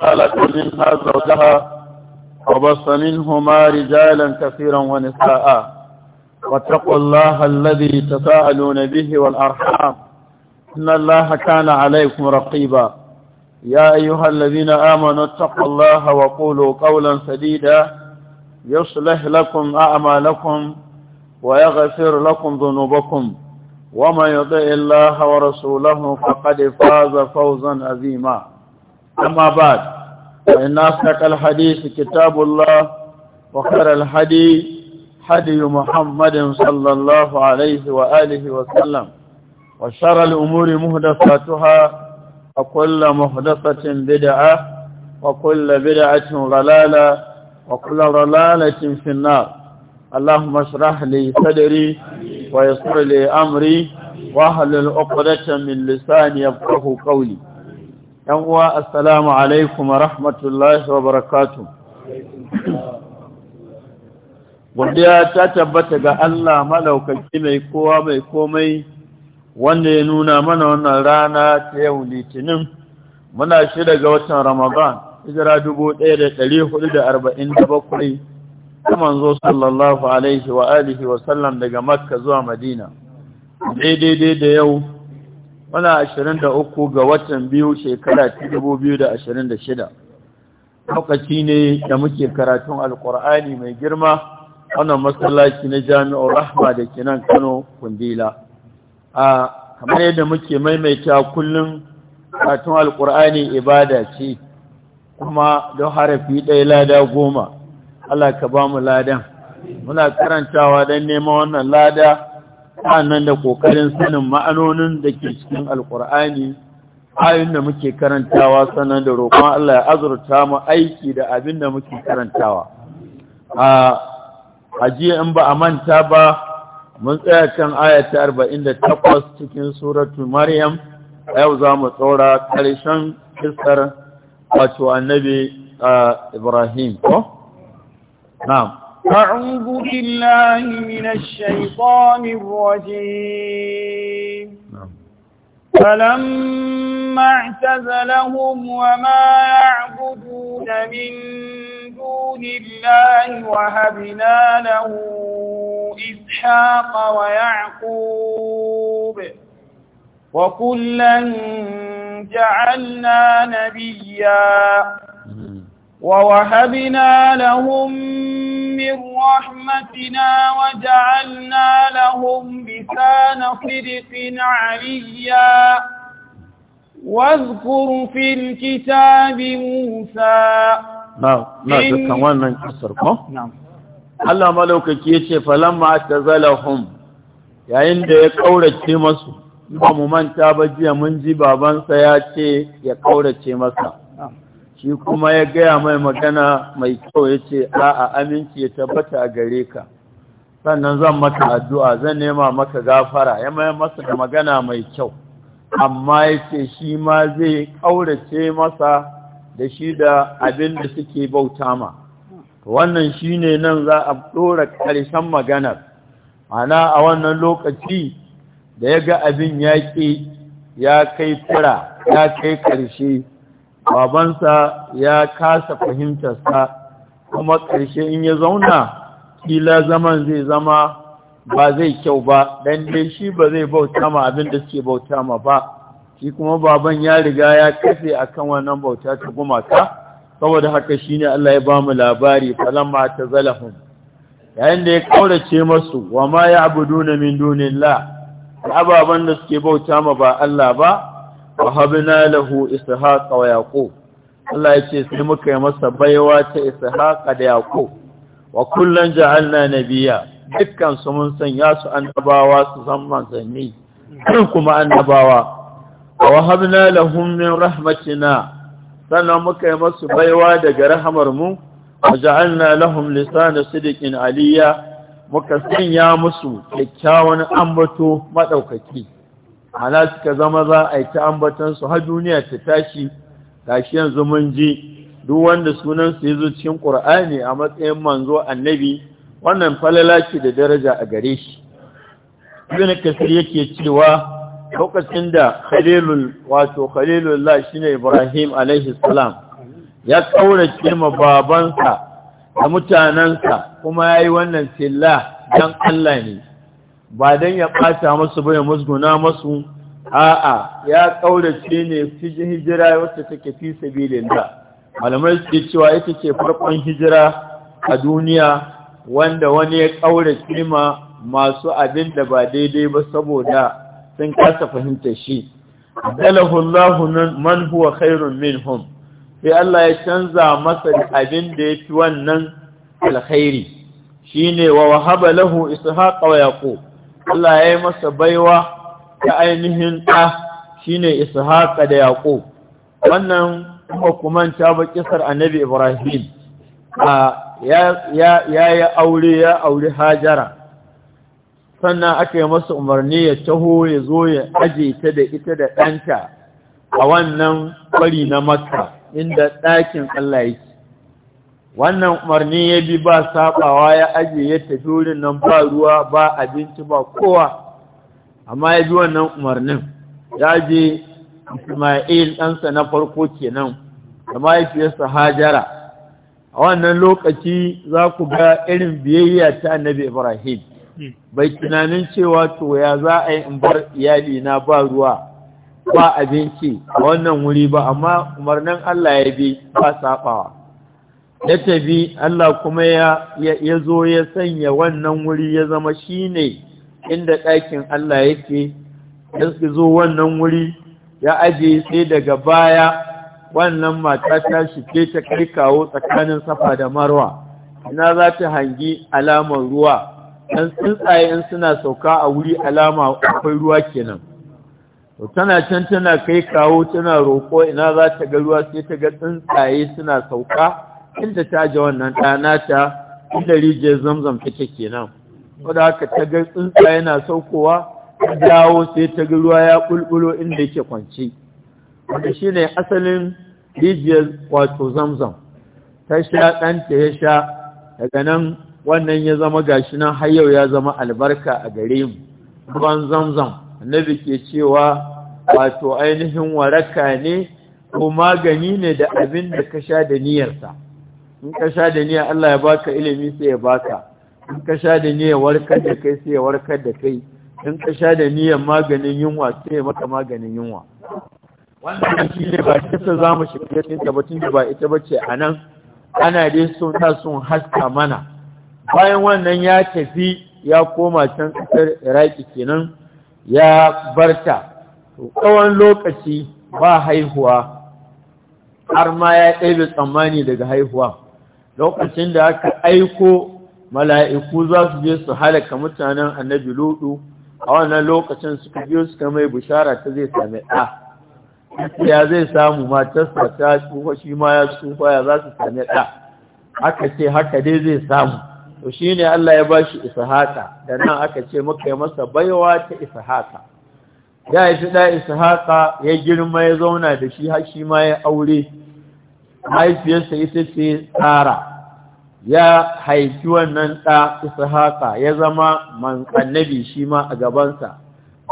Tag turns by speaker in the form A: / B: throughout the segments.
A: قال زوجها زوجها وبص منهما رجالا كثيرا ونساء واتقوا الله الذي تساءلون به والأرحام إن الله كان عليكم رقيبا يا أيها الذين آمنوا اتقوا الله وقولوا قولا سديدا يصلح لكم أعمالكم ويغفر لكم ذنوبكم وما يضع الله ورسوله فقد فاز فوزا عظيما أما بعد فإن أصدق الحديث كتاب الله وخير الحديث حدي محمد صلى الله عليه وآله وسلم وشر الأمور مهدفاتها وكل مهدفة بدعة وكل بدعة ضلالة وكل ضلالة في النار اللهم اشرح لي صدري ويسر لي أمري واهل العقدة من لساني يفقه قولي ‘yan uwa assalamu alaikum wa rahmatullahi wa barakatu. Godiya ta tabbata ga Allah malaukaki mai kowa mai komai wanda ya nuna mana wannan rana ta yau litinin muna shi daga watan Ramadan, hijira bakwai, ta manzo sallallahu alaihi wa alihi wa sallam daga Makka zuwa Madina. Daidai da yau muna 23 ga watan biyu shekara ta 2026 lokaci ne da muke karatun alkur'ani mai girma wannan masallaci na jami'ar rahma da ke nan kano kundila a kamar yadda muke maimaita kullum karatun alkur'ani ibada ce kuma don harafi ɗaya lada goma Allah ka ba mu ladan muna karantawa don neman wannan lada sannan da kokarin sanin ma'anonin da ke cikin alkur'ani ayin da muke karantawa sannan da roƙon Allah ya azurta mu aiki da abin da muke karantawa a jiya in ba a manta ba mun tsaya kan aya ta 48 cikin suratul maryam yau za mu tsora ƙarshen kisar wato annabi ibrahim ko na'am
B: أعوذ بالله من الشيطان الرجيم نعم. فلما اعتزلهم وما يعبدون من دون الله وهبنا له إسحاق ويعقوب وكلا جعلنا نبيا ووهبنا لهم من رحمتنا وجعلنا لهم بسان صدق عليا واذكر في الكتاب موسى
A: نعم نعم كان Allah malaukaki yace falamma tazalahum yayin da ya kaurace masu ba mu manta ba jiya mun ji babansa ya ce ya kaurace masa shi kuma ya gaya mai magana mai kyau ya ce a aminci ya tabbata gare ka sannan zan maka addu'a zan nema maka gafara ya mai masa da magana mai kyau amma ya ce shi ma zai ƙaurace masa da shi da abin da suke bauta ma wannan shi ne nan za a ɗora ƙarshen maganar ana a wannan lokaci da ya ga abin yaƙi ya kai fira ya kai ƙarshe babansa ya kasa fahimtarsa kuma ƙarshe in ya zauna kila zaman zai zama ba zai kyau ba dan dai shi ba zai bauta ma abin da suke bauta ma ba shi kuma baban ya riga ya kafe akan wannan bauta ta gumaka saboda haka shi ne Allah ya bamu labari falamma tazalahum yayin da ya ƙaurace masu wa ma ya ya'buduna min dunillah ababan da suke bauta ma ba Allah ba wahabna lahu ishaqa wa yaqub Allah ce sai muka yi masa baiwa ta ishaqa da yaqub wa kullan ja'alna nabiyya dukkan su mun sanya su annabawa su san manzanni kuma annabawa wa wahabna lahum min rahmatina sannan muka yi masu baiwa daga rahmar mu wa ja'alna lahum lisana sidiqin aliyya muka sanya musu kyakkyawan ambato madaukaki ana suka zama za a yi ta ambatansu har duniya ta tashi tashi yanzu mun ji duk wanda sunansu ya zo cikin Kur'ani a matsayin manzo annabi wannan falala ce da daraja a gare shi ibn kasir yake cewa lokacin da khalilul wato khalilullah shine ibrahim alaihi salam ya kaurace ma babansa da mutanansa kuma yayi wannan silla dan Allah ne ba don ya ɓata masu ya musguna masu a'a ya ƙaurace ne hijira wacce take fi sabilin da malamai suke cewa ita ce farkon hijira a duniya wanda wani ya ƙaurace ma masu abin da ba daidai ba saboda sun kasa fahimta shi dalahullahu man huwa khairun minhum sai Allah ya canza masa abin da ya fi wannan alkhairi shine wa wahaba lahu ishaqa wa yaqub Allah ya yi masa baiwa ta ainihin ɗa ne ishaqa da yaƙo. wannan kuma kumanta ba a annabi ibrahim ya yi aure ya aure hajara sannan aka yi masa umarni ya taho ya zo ya aje ta da ita da ɗanta a wannan kwari na makka inda ɗakin Allah yake wannan umarni ya bi ba sabawa ya ajiye ya tafi wurin nan ba ruwa ba abinci ba kowa amma ya bi wannan umarnin ya je Ismail ɗansa na farko kenan da mahaifiyarsa Hajara a wannan lokaci za ku ga irin biyayya ta annabi Ibrahim hmm. bai tunanin cewa to ya za a yi in bar iyali na ba ruwa ba abinci a wannan wuri ba amma umarnin Allah ya bi ba sabawa ya tafi Allah kuma ya zo ya sanya wannan wuri ya zama shi ne inda ɗakin Allah yake ya zo wannan wuri ya ajiye sai daga baya wannan mata ta shike ta kai kawo tsakanin safa da marwa ina za ta hangi alamar ruwa ɗan tsuntsaye in suna sauka a wuri alama akwai ruwa kenan tana can tana kai kawo tana roƙo ina za ta ga ruwa sai ta ga tsuntsaye suna sauka inda ta ji wannan ɗana ta inda rijiyar zamzam ke kenan wadda haka ta ga tsuntsa yana saukowa ta dawo sai ta ga ruwa ya bulbulo inda yake kwanci wadda shi ne asalin rijiyar wato zamzam ta sha ɗanta ya sha daga nan wannan ya zama gashi nan har yau ya zama albarka a gare mu ruwan zamzam annabi ke cewa wato ainihin waraka ne ko magani ne da abin da ka sha da niyyarsa in ka sha da niyya Allah ya baka ilimi sai ya baka in ka sha da niyya warkar da kai sai ya warkar da kai in ka sha da niyya, maganin yunwa sai ya maka maganin yunwa wannan shi ne ba kisa za mu shiga cikin tabbatin da ba ita bace a nan ana dai sun ta sun haska mana bayan wannan ya tafi ya koma can kasar iraki kenan ya barta tsawon lokaci ba haihuwa har ma ya ɗaibe tsammani daga haihuwa lokacin da aka aiko mala'iku za su je su halaka mutanen annabi Luɗu, a wannan lokacin ka biyo suka mai bishara ta zai sami ɗa ya zai samu matarsa ta tsufa shi ma ya tsufa ya za su sami ɗa aka ce haka dai zai samu to shi ne Allah ya ba shi haka? da nan aka ce maka masa baiwa ta isa haka ya yi fi ɗa haka ya girma ya zauna da shi har shi ma ya aure mahaifiyarsa ita ce tsara ya haifi wannan ɗa haka. ya zama man annabi shi ma a gabansa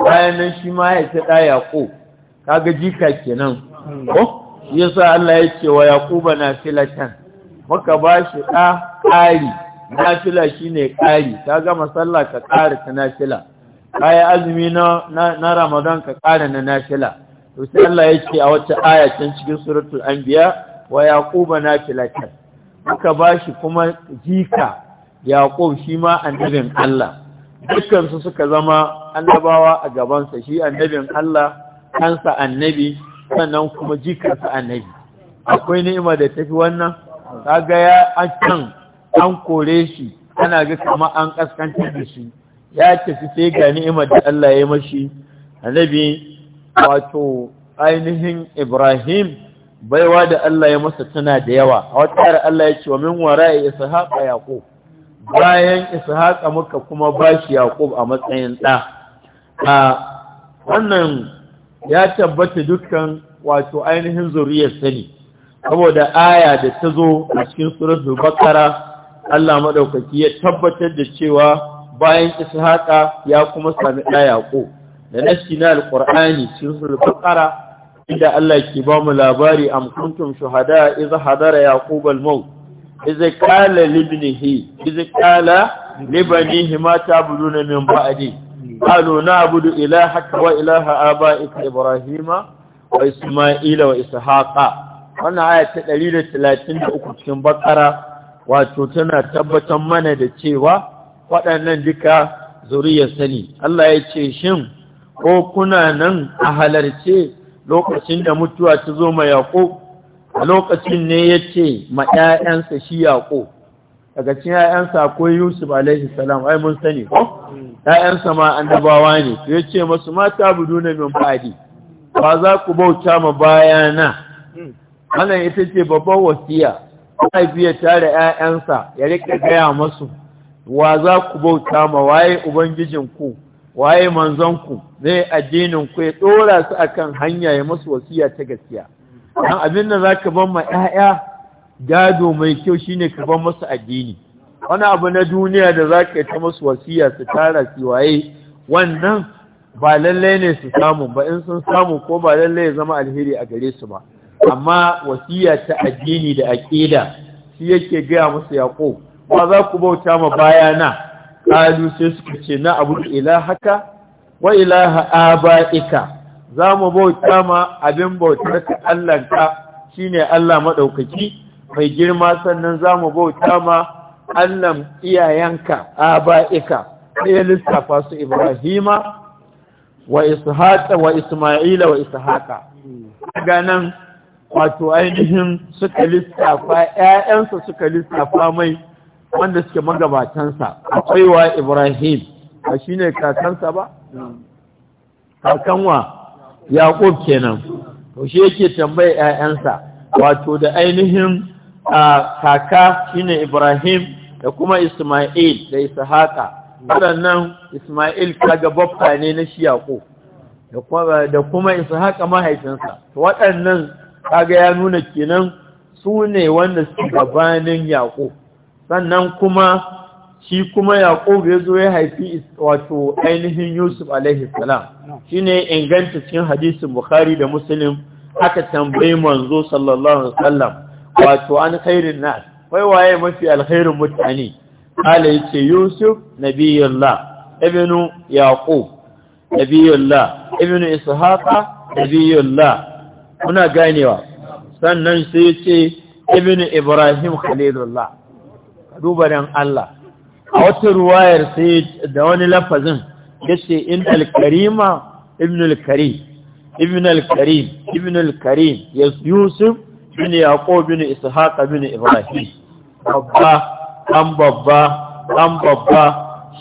A: bayan nan shi ma ya ce ɗa yaƙo kaga jika kenan ko shi yasa Allah ya ce wa yaquba nafilatan muka ba shi ɗa ƙari nafila shine ƙari Ka gama masalla ka ƙara ta nafila yi azumi na Ramadan ka ƙara na nafila to sai Allah ya ce a wata aya can cikin suratul anbiya wa yaquba nafilatan muka bashi kuma jika yaqub shi ma annabin Allah dukkan su suka zama annabawa a gaban sa shi annabin Allah kansa annabi sannan kuma sa annabi akwai ni'ima da tafi wannan kaga ya an an kore shi ana ga kama an kaskantar da shi ya tafi sai ga ni'imar da Allah ya mashi annabi wato ainihin Ibrahim baiwa da Allah ya masa tana da yawa a wata yara Allah ya ce wa min wara ya isa haƙa yaƙub bayan isa haƙa muka kuma ba shi yaƙub a matsayin ɗa. a wannan ya tabbata dukkan wato ainihin zuriyar sani saboda aya da ta zo a cikin suratul bakara Allah madaukaki ya tabbatar da cewa bayan isa haƙa ya kuma sami ɗa yaƙub da nashi na alqur'ani cikin suratul bakara inda Allah ke ba mu labari am kuntum shuhada idza hadara yaqub al maut idza qala li ibnihi idza qala li banihi ma ta'buduna min ba'di qalu na'budu ilahaka wa ilaha aba'ika ibrahima wa isma'ila wa ishaqa wannan aya ta 133 cikin bakara wato tana tabbatar mana da cewa waɗannan duka zuriyar sani Allah ya ce shin ko kuna nan a halarce lokacin da mutuwa ta zo ma yaƙo a lokacin ne ya ce ma ‘ya'yansa shi yaƙo daga cin ‘ya'yansa akwai yusuf alaihi salam ai mun sani ko ‘ya'yansa ma annabawa ne to ya ce masu mata budu na min fadi ba za ku bauta ma bayana wannan ita ce babban wasiya mahaifi ya tare ‘ya'yansa ya rika gaya masu wa za ku bauta ma waye ubangijinku waye manzonku ne addinin ku ya dora su akan hanya ya musu wasiya ta gaskiya dan abin da zaka ban ma 'ya'ya gado mai kyau shine ka ban musu addini wani abu na duniya da zaka ta musu wasiya su tara su waye wannan ba lalle ne su samu ba in sun samu ko ba lalle ya zama alheri a gare su ba amma wasiya ta addini da aqida shi yake gaya musu yaqo ba za ku bauta ma bayana ƙalu sai suka ce na abu ilahaka wa ilaha aba'ika za mu bauta ma abin bautar ka Allahnka shi ne Allah maɗaukaki mai girma sannan za mu bauta ma allah iyayenka aba'ika ya lissafa su Ibrahima wa Ishaqa wa Ismaila wa Ishaqa ganan wato ainihin suka lissafa ‘ya'yansa suka lissafa mai wanda suke magabatansa akwai wa Ibrahim a shi ne kakansa ba? kakanwa Yaƙub kenan to shi yake tambaye ‘ya'yansa wato da ainihin kaka shi ne Ibrahim da kuma Ismail da Isahaka waɗannan Ismail kaga babba ne na shi yaƙo da kuma Isahaka mahaifinsa waɗannan kaga ya nuna kenan su ne wanda su gabanin yaƙo sannan kuma shi kuma yaqub ya zo ya haifi wato ainihin yusuf alaihi salam shine inganta cikin hadisin bukhari da muslim aka tambayi manzo sallallahu alaihi wasallam wato an khairin nas wai waye mafi alkhairin mutane ala ce yusuf nabiyullah ibnu yaqub nabiyullah ibnu ishaqa nabiyullah muna ganewa sannan sai yace ibnu ibrahim khalilullah duba dan Allah a wata ruwayar sai da wani lafazin yace in alkarima karima ibn al-karim ibn al ibn yusuf bin yaqub bin ishaq bin ibrahim babba dan babba dan babba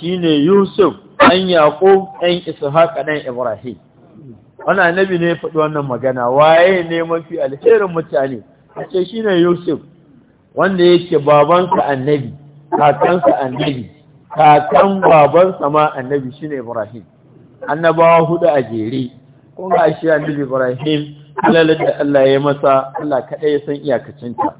A: shine yusuf an yaqub dan ishaq dan ibrahim wannan annabi ne ya faɗi wannan magana waye ne mafi alherin mutane a ce shine yusuf wanda yake babansa annabi kakansa annabi kakan babansa ma annabi shine Ibrahim annabawa hudu a jere kun ga shi annabi Ibrahim halalin da Allah ya masa Allah kaɗai ya san iyakacinta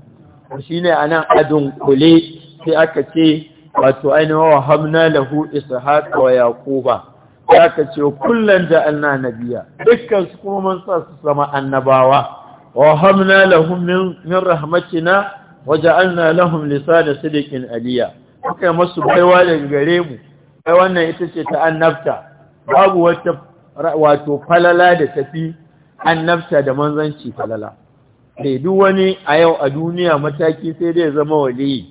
A: a anan adun kule sai aka ce wato ainihin wa hamna lahu ishaqa wa yaquba aka ce kullun ja'alna nabiya dukkan su kuma mun sa su zama annabawa wa hamna lahum min rahmatina lisa da sadakin sidiqin aliya muka masu baiwa daga gare mu ai wannan ita ce ta annabta babu wata wato falala da tafi annabta da manzanci falala sai duk wani a yau a duniya mataki sai dai zama waliyi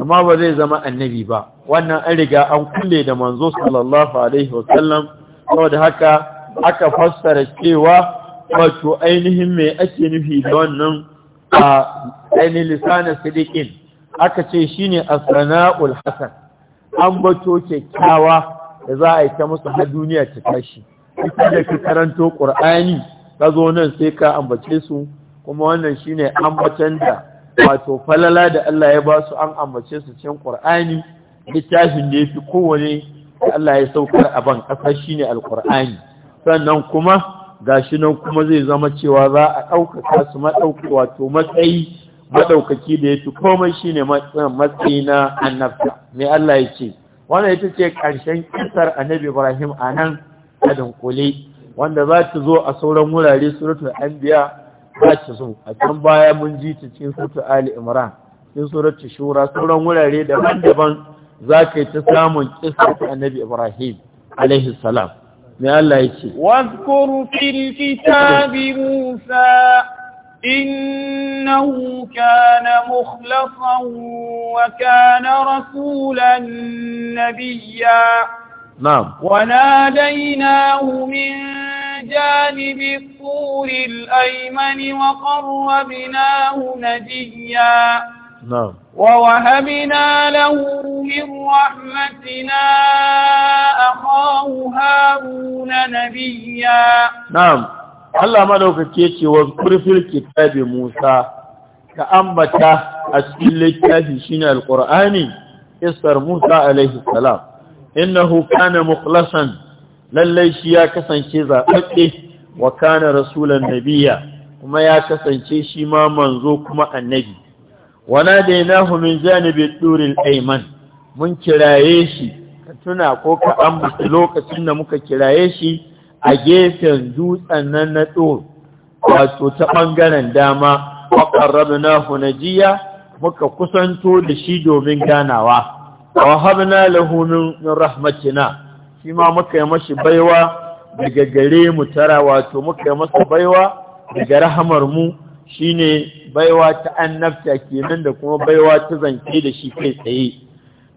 A: amma ba zai zama annabi ba wannan an riga an kulle da manzo sallallahu alaihi wasallam saboda haka aka fassara cewa wato ainihin me ake nufi da wannan a aini lisanin sidikin aka ce shine a sanaul hasan an bato kyakkyawa da za a yi ta musu har duniya ta tashi ita da ka karanto ƙur'ani, ka zo nan sai ka ambace su kuma wannan shine ambacen da wato falala da Allah ya ba su an ambace su cin ƙur'ani. littafin da ya fi kowane Allah ya saukar a ban ƙasa shine al ƙurani sannan kuma gashi nan kuma zai zama cewa za a ɗaukaka su maɗauki wato matsayi maɗaukaki da ya fi komai shi ne matsayi na annabta mai Allah ya ce wanda ita ce ƙarshen kisar annabi ibrahim a nan a dunkule wanda za ta zo a sauran wurare suratul anbiya za ta zo a can baya mun ji ta cikin suratul ali imran cikin suratul shura sauran wurare daban-daban za ka yi ta samun kisar annabi ibrahim alaihi salam واذكر في الكتاب
B: موسى إنه كان مخلصا وكان رسولا نبيا
A: نعم وناديناه
B: من جانب الطور الأيمن وقربناه نجيا نعم ووهبنا له من رحمتنا أخاه
A: Allah madaukake yace wa kurfil kitabi Musa ka ambata a cikin littafi shine alqur'ani Iskar Musa alaihi salam innahu kana mukhlasan lallai shi ya kasance zaɓaɓɓe wa kana rasulan nabiya kuma ya kasance shi ma manzo kuma annabi wana da yana min janibin ɗurin aiman mun kiraye shi tuna ko ka ambata lokacin da muka kiraye shi a gefen dutsen nan na tsor wato ta ɓangaren dama waƙarrabu na hunajiya muka kusanto da shi domin ganawa A habna na min rahmatina shi ma muka yi mashi baiwa daga gare mu tara wato muka yi masa baiwa daga rahamar mu shine baiwa ta annabta kenan da kuma baiwa ta zance da shi kai tsaye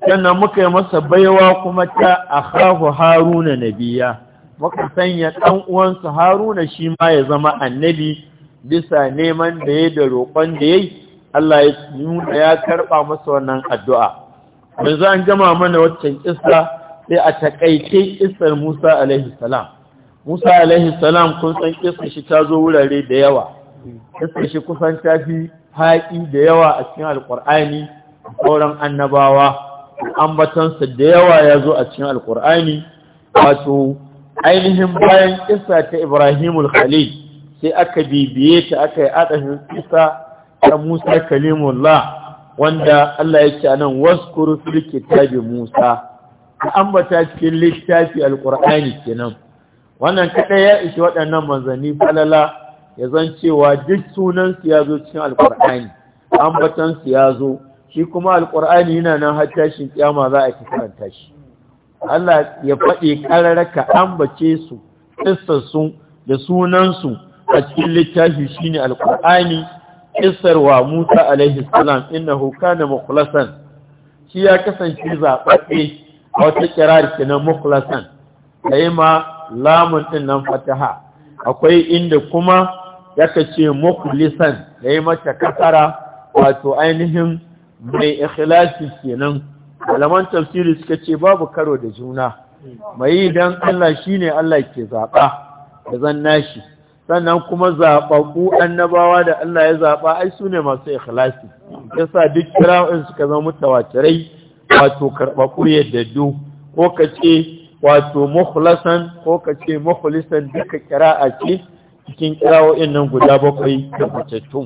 A: sannan muka yi masa baiwa kuma ta akhahu haruna nabiya muka sanya ɗan uwansa haruna shi ma ya zama annabi bisa neman da ya da roƙon da yayi Allah ya nuna ya karɓa masa wannan addu'a za an gama mana waccan ƙisa sai a taƙaice kissar Musa alaihi salam Musa alaihi salam kun san kissar shi ta zo wurare da yawa kissar shi kusan ta haƙi da yawa a cikin alƙur'ani sauran annabawa ambatansa da yawa ya zo a cikin alkur'ani wato ainihin bayan kisa ta ibrahimul khalil sai aka bibiye ta aka yi adahin kisa ta musa kalimullah wanda Allah ya ce nan waskuru fil bi musa ka ambata cikin littafi alkur'ani kenan wannan kaɗai ya ishi waɗannan manzanni falala ya zan cewa duk sunansu ya zo cikin alkur'ani ambatansu ya zo shi kuma alƙur'ani yana nan har tashin kiyama za a ci karanta shi Allah ya faɗi ƙararraka ambace su ƙissarsu da sunansu a cikin littafi shine ne alƙur'ani wa musa alaihi salam inna huka na mukulasan shi ya kasance zaɓaɓɓe a wata kirar na mukulasan da ma lamun ɗin nan fataha akwai inda kuma yaka ce mukulisan da yi mata kasara wato ainihin mai ikhlasi kenan malaman tafsiri suka ce babu karo da juna mai dan Allah shine Allah ke zaba da zanna shi sannan kuma zababu annabawa da Allah ya zaɓa ai sune masu ikhlasi yasa duk kira'in suka zama mutawatirai wato yadda du ko ka ce wato mukhlasan ko ka mukhlisan duka kira'a ce cikin kira'o'in nan guda bakwai da fitattun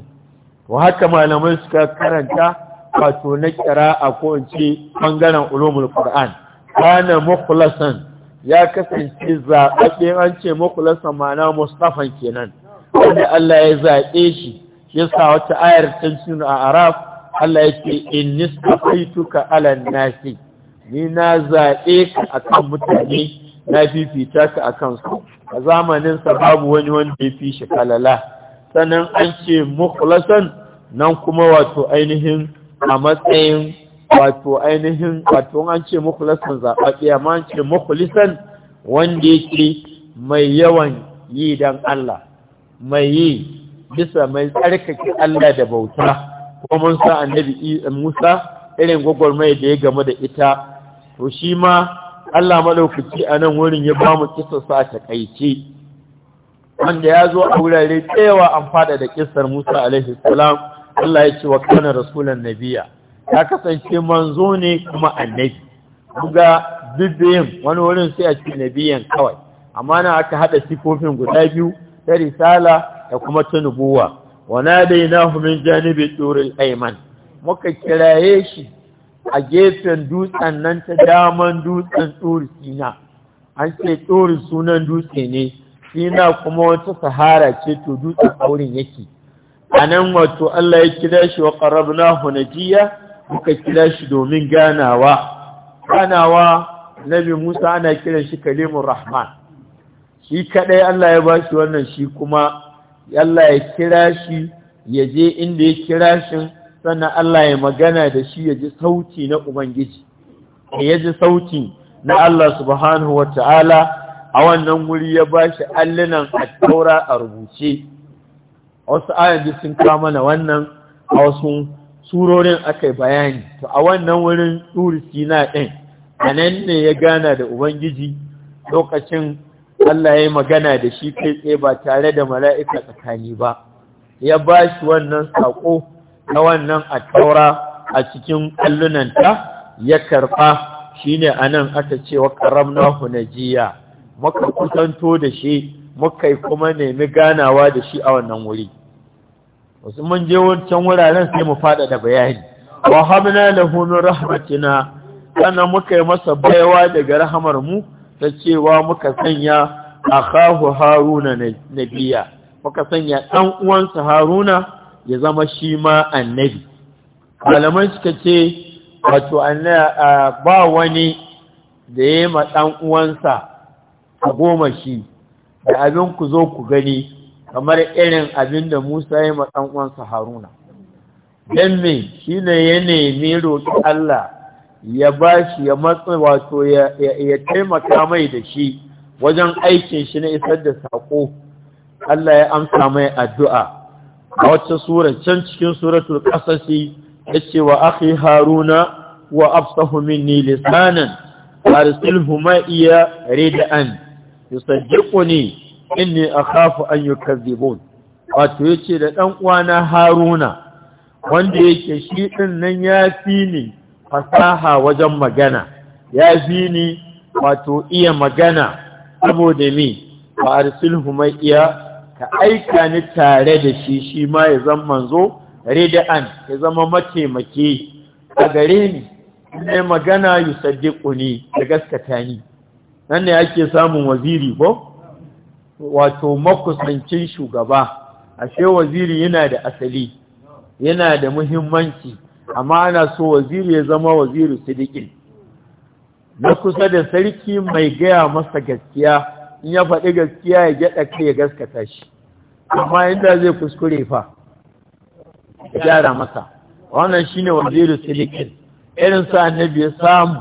A: to haka malamai suka karanta wato na kira a kowace ɓangaren ulumul qur'an kana mukhlasan ya kasance zaɓaɓɓe an ce Makulasan ma'ana mustafan kenan wanda Allah ya zaɓe shi ya sa wata ayar tantin a araf Allah ya ce inni ka ala nasi ni na zaɓe ka kan mutane na fifita ka kan su a zamanin sababu babu wani wanda ya fi shi kalala sannan an ce Makulasan nan kuma wato ainihin a matsayin wato ainihin wato an ce mukhlisan zaɓaɓɓe amma an ce mukhlisan wanda yake mai yawan yi don Allah mai yi bisa mai tsarkake Allah da bauta Kuma mun sa annabi Musa irin gwagwarmaya da ya game da ita to shi ma Allah malaukaci a nan wurin ya ba mu a takaice wanda ya zo a wurare tsayawa an fada da kisar Musa alaihi salam Allah ya ce wa kana rasulan nabiya ya kasance manzo ne kuma annabi buga bibbiyin wani wurin sai a ce nabiyan kawai amma na aka hada sifofin guda biyu ta risala da kuma ta nubuwa wa nadainahu min janibi turil ayman muka kiraye shi a gefen dutsen nan ta daman dutsen tsuri sina an ce tsuri sunan dutse ne sina kuma wata sahara ce to dutsen aurin yake a nan wato Allah ya kira shi wa na jiya, muka kira shi domin ganawa ganawa nabi Musa ana kiran shi kalimur rahman shi kadai Allah ya ba shi wannan shi kuma Allah ya kira shi ya je inda ya kira shi sannan Allah ya magana da shi ya ji sauti na Ubangiji ya ji sauti na Allah subhanahu wa ta'ala a wannan wuri ya ba shi allunan a taura a rubuce wasu ayyadi sun kawo mana wannan a wasu surorin aka yi bayani to a wannan wurin turi sina ɗin Anan ne ya gana da ubangiji lokacin Allah ya yi magana da shi kai tsaye ba tare da mala'ika tsakani ba ya ba shi wannan saƙo na wannan a taura a cikin kallunanta ya karɓa shi ne a nan aka ce wa na hunajiya muka kusanto da shi muka yi kuma nemi ganawa da shi a wannan wuri wasu mun je wancan wuraren sai mu fada da bayani wa habna lahu min rahmatina kana muka yi masa baiwa daga rahamar mu ta cewa muka sanya akahu haruna nabiya muka sanya dan uwansa haruna ya zama shi ma annabi malaman suka ce wato ba wani da yayi ma dan uwansa a goma shi da abin ku zo ku gani kamar irin abin da Musa ya matsanwansa uwansa Haruna dan me shine ya nemi roƙi Allah ya bashi ya matsa wato ya taimaka mai da shi wajen aikin shi na isar da saƙo Allah ya amsa mai addu'a a wata sura can cikin suratul qasasi yace wa akhi haruna wa afsahu minni lisanan arsilhu ma iya rid'an ne. inni akhafu an yukazzibun wato yace da dan uwana Haruna wanda yake shi din nan ya fi ni fasaha wajen magana ya fi ni wato iya magana saboda me fa sulhu mai iya ka aika ni tare da shi shi ma ya zama manzo rida'an ya zama mataimaki a gare ni ne magana yusaddiquni da gaskata ni nan ne ake samun waziri ko wato makusancin shugaba ashe waziri yana da asali yana da muhimmanci amma ana so waziri ya zama waziri sidikin na kusa da sarki mai gaya masa gaskiya in ya faɗi gaskiya ya gyaɗa kai ya gaskata shi amma inda zai kuskure fa ya gyara masa wannan shine waziri sidikin irin sa annabi ya samu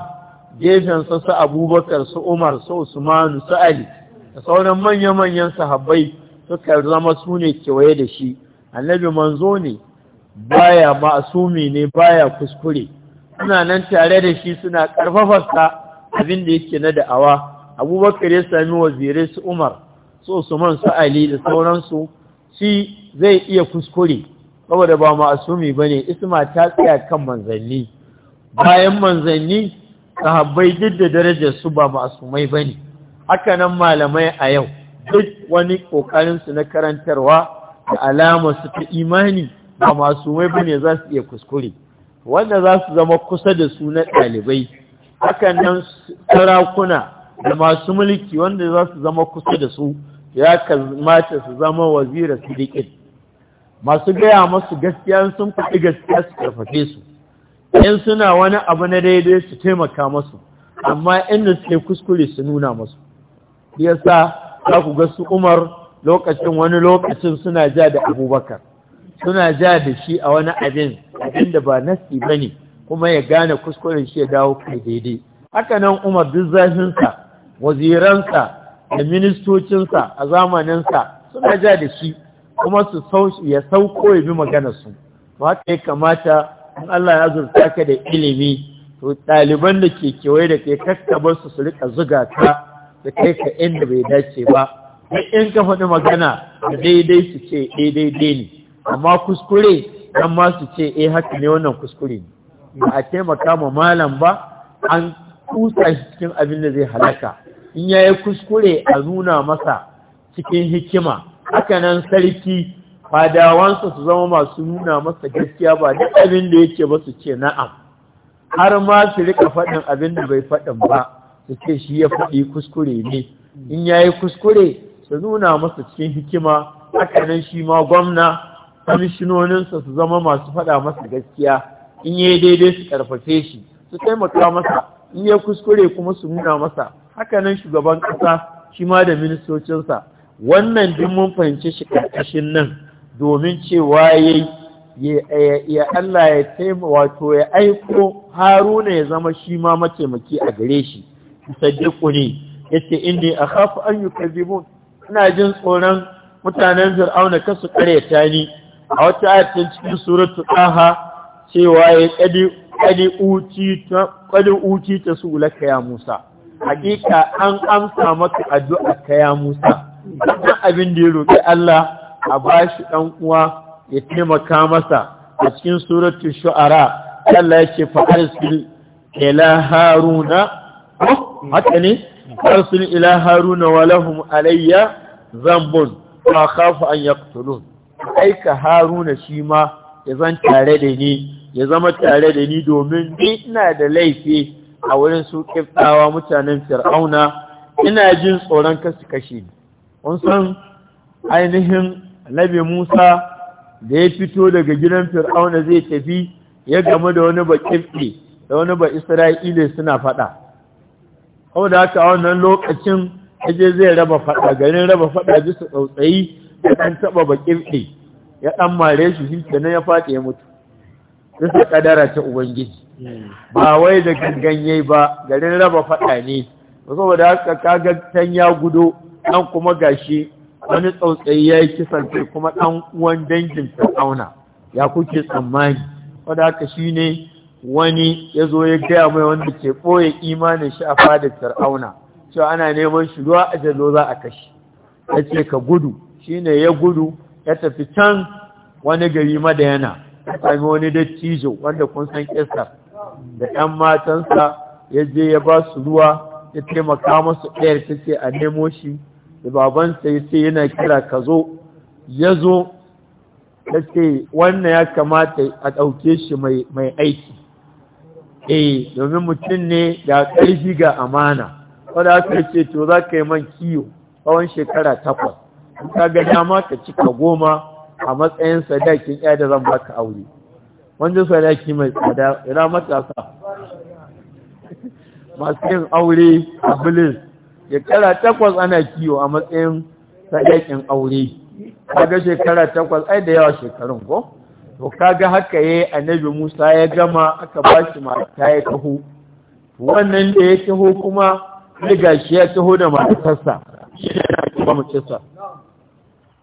A: gefensa su abubakar su umar su usmanu su ali da sauran manya-manyan sahabbai suka zama su ne kewaye da shi annabi manzo ne baya ma'asumi ne baya kuskure suna nan tare da shi suna karfafarsa abin da yake na da'awa abubakar ya sami wazirai su umar su usman su ali da sauransu shi zai iya kuskure saboda ba ma'asumi ba ne isma ta tsaya kan manzanni bayan manzanni sahabbai duk da darajar su ba ma'asumai ba ne haka nan malamai a yau duk wani ƙoƙarinsu na karantarwa da alamarsu ta imani ba masu mai bane za su iya kuskure wanda za su zama kusa da su na ɗalibai haka nan sarakuna da masu mulki wanda za su zama kusa da su ya kamata su zama wazira sidikin masu gaya masu gaskiya sun faɗi gaskiya su karfafe su in suna wani abu na daidai su taimaka masu amma inda suke kuskure su nuna masu yasa za ku ga su umar lokacin wani lokacin suna ja da abubakar suna ja da shi a wani abin abin da ba nasi ba ne kuma ya gane kuskuren shi ya dawo kai daidai haka nan umar duk zafinsa waziransa da ministocinsa a zamaninsa suna ja da shi kuma su ya sauko ya bi maganarsu ba haka ya kamata in Allah ya zurta ka da ilimi to ɗaliban da ke kewaye da kai kakkabar su su rika zuga ta da kai ka inda bai dace ba in ka faɗi magana da daidai su ce eh daidai ne amma kuskure dan ma su ce eh haka ne wannan kuskure ne ba a taimaka ma malam ba an kusa shi cikin abin da zai halaka in ya yi kuskure a nuna masa cikin hikima haka nan sarki fadawansa su zama masu nuna masa gaskiya ba duk abin da yake ba su ce na'am har ma su rika faɗin abin da bai faɗin ba su ce shi ya faɗi kuskure ne in ya yi kuskure su nuna masa cikin hikima hakanan shi ma gwamna kwamishinoninsa su zama masu faɗa masa gaskiya in ya yi daidai su ƙarfafe shi su taimaka masa in ya kuskure kuma su nuna masa hakanan shugaban ƙasa shi ma da ministocinsa wannan duk mun fahimci shi ƙarƙashin nan domin cewa ya Allah ya taimaka wato ya aiko haruna ya zama shi ma mataimaki a gare shi tusaddiquni yace a akhafu an yukazibun ina jin tsoron mutanen fir'auna kasu karyata ni a wata ayatin cikin suratu aha cewa ya yi kadi uci ta su laka ya Musa hakika an amsa maka addu'a kaya Musa ɗan abin da ya roki Allah a bashi ɗan uwa ya taimaka masa a cikin suratu shu'ara Allah ya ce fa arsil ila haruna Hmm. haka ne hmm. arsul ila haruna wa lahum alayya zambun wa khafu an yaqtulun aika haruna shi ma ya zan tare da ni ya zama tare da ni domin ina da laifi a wurin su kiftawa mutanen fir'auna ina jin tsoron kasu kashe ni kun san ainihin nabi Musa da ya fito daga gidan fir'auna zai tafi ya gamu da wani ba kifti da wani ba isra'ila suna faɗa saboda haka a wannan lokacin aje zai raba fada garin raba fada jisa tsautsayi ya ɗan taɓa bakin ɗai ya ɗan mare shi shi nan ya faɗi ya mutu kadara ta ubangiji ba wai da ganganye ba garin raba fada ne saboda haka kaga can ya gudo ɗan kuma gashi wani tsautsayi ya yi kisan kuma ɗan uwan dangin fir'auna ya kuke tsammani wadda haka shi ne wani ya zo ya gaya mai wanda ke ɓoye imanin shi a fadar fir'auna cewa ana neman shi ruwa a jalo za a kashi ya ce ka gudu shi ne ya gudu ya tafi can wani gari madayana ya sami wani dattijo wanda kun san ƙisar da 'yan matansa ya je ya ba su ruwa ya taimaka masu ɗayar ta ce a nemo shi da babansa ya ce yana kira ka zo ya zo ya ce wannan ya kamata a ɗauke shi mai aiki eh domin mutum ne da ƙarfi ga amana wadda aka ce to za ka yi man kiyo tsawon shekara takwas ka ga dama ka cika goma a matsayin sadakin ya da zan baka aure wanda sadaki mai tsada ina matasa masu yin aure a bilis shekara takwas ana kiyo a matsayin sadakin aure ga shekara takwas ai da yawa shekarun ko to kaga haka ya yayi annabi Musa ya gama aka ba shi mata ya taho wannan da ya taho kuma riga shi ya taho da matarsa yana kuma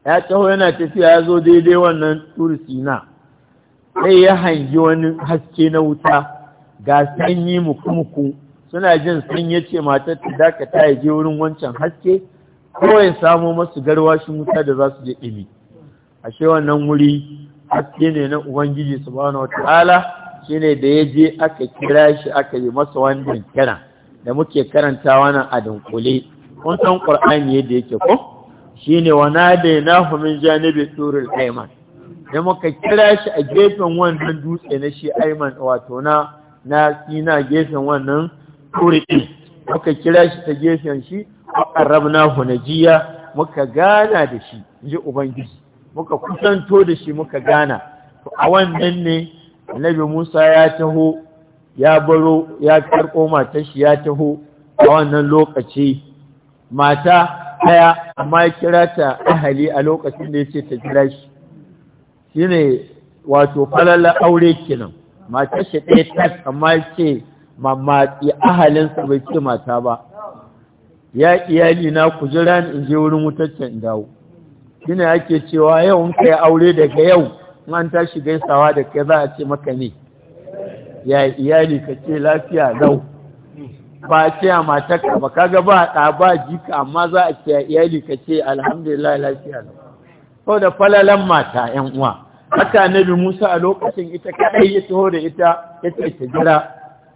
A: ya taho yana tafiya ya zo daidai wannan na sai ya hangi wani haske na wuta ga sanyi muku-muku suna jin sun ya ce matar ta dakata ya je wurin wancan haske kawai ya samo masu garwashin wuta da za su je ɗimi ashe wannan wuri haske ne na ubangiji subhanahu wataala shine da ya je aka kira shi aka yi masa wannan kira da muke karanta wannan a dunkule kun san qur'ani yadda yake ko shine wa nadainahu min janibi turul ayman da muka kira shi a gefen wannan dutse na shi ayman wato na na sina gefen wannan turi muka kira shi ta gefen shi a rabna hunajiya muka gana da shi ji ubangiji muka kusanto da shi muka gana to a wannan ne annabi Musa ya taho ya baro ya karko matar shi ya taho a wannan lokaci mata ɗaya amma ya kira ta ahali a lokacin da ya ce ta jira shi shine wato falala aure kenan matar shi ɗaya ta amma ya ce ahalin ahalinsa bai ce mata ba ya iyali na ku jira ni in je wurin wutar in dawo shine ake cewa yau in kai aure daga yau an tashi gaisawa da kai za a ce maka ne ya iyali ka ce lafiya lau ba a ce a matarka ba kaga ba a ba jika amma za a ce a iyali ka ce alhamdulillah lafiya lau sau da falalan mata ‘yan uwa haka bi musa a lokacin ita kaɗai ya taho da ita ya ce ta jira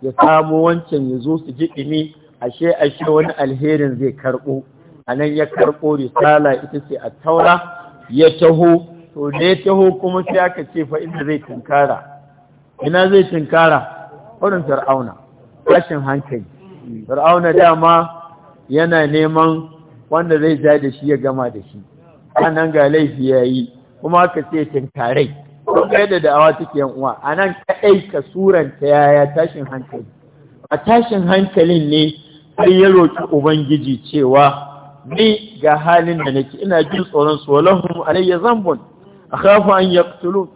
A: ya samo wancan ya zo su ji ɗimi ashe ashe wani alherin zai karɓo a nan ya karɓo risala ita ce a taura ya taho to da ya taho kuma sai aka ce fa inda zai tunkara ina zai tunkara wurin fir'auna rashin hankali fir'auna dama yana neman wanda zai ja da shi ya gama da shi A nan ga laifi ya yi kuma aka ce tunkarai ko ga yadda da'awa take yan uwa A nan kaɗai ka suranta yaya tashin hankali a tashin hankalin ne sai ya roƙi ubangiji cewa ni ga halin da nake ina jin tsoron su walahum alayya zambun akhafu an yaqtulu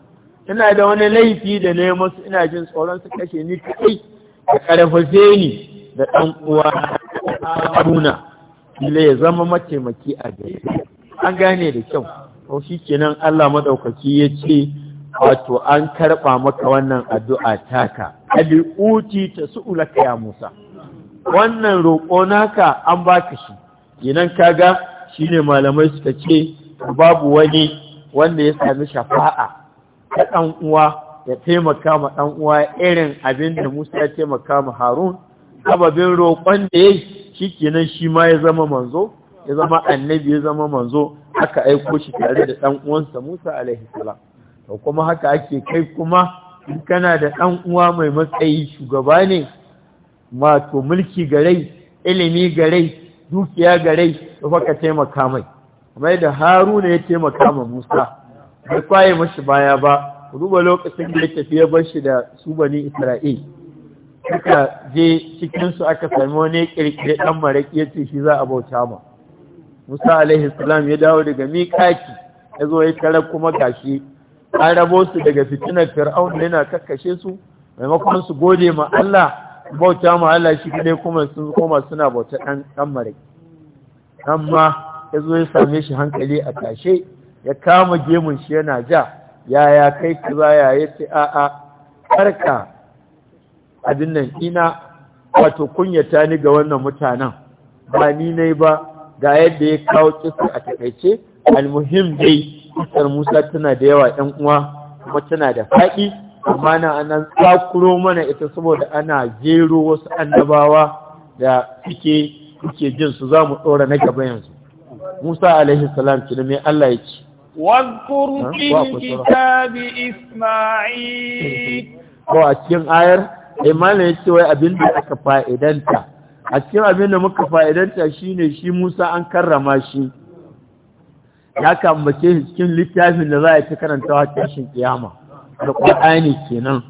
A: ina da wani laifi da ne musu ina jin tsoron su kashe ni kai da karfafe ni da dan uwa abuna ile ya zama mataimaki a gare an gane da kyau to kenan Allah madaukaki yace wato an karba maka wannan addu'a taka abi uti ta su'ulaka ya Musa wannan roƙo naka an baka shi kenan kaga shine malamai suka ce babu wani wanda ya sami shafa'a ta ɗan uwa ya taimaka ma ɗan uwa irin abin da Musa ya taimaka ma Harun sababin roƙon da ya shi kenan shi ma ya zama manzo ya zama annabi ya zama manzo aka aiko shi tare da ɗan uwansa Musa alaihi salam to kuma haka ake kai kuma in kana da ɗan uwa mai matsayi shugaba ne ma to mulki garai ilimi garai dukiya ga rai da baka taimaka mai mai da haruna ya taimaka ma musa bai kwaye mashi baya ba ku duba lokacin da ya tafi ya bar shi da su bani isra'il suka je cikinsu aka sami wani kirkire ɗan maraƙi ya ce shi za a bauta ma musa alaihi salam ya dawo daga Mikaki ya zo ya tara kuma gashi an su daga fitinar fir'aun yana kakkashe su maimakon su gode ma allah bauta ma Allah shi kuma sun koma suna bauta ɗan dan Amma ya zo ya same shi hankali a tashe ya kama gemun shi yana ja yaya kai ba ya yace a a karka abin nan ina wato kunyata ni ga wannan mutanen ba ni nai ba ga yadda ya kawo kisa a takaice almuhim dai kisar Musa tana da yawa ɗan uwa kuma tana da faɗi amma na anan tsakuro mana ita saboda ana jero wasu annabawa da suke suke jin su za mu ɗora na gaba yanzu musa alaihi salam kina mai allah ya ce
B: واذكر في kitabi Isma'il.
A: ko a cikin ayar imanin eh, ya ce wai abin da aka fa'idanta a cikin abin da muka fa'idanta shine shi Musa an karrama shi ya kambace cikin littafin da za a ci karantawa tashin kiyama alƙur'ani kenan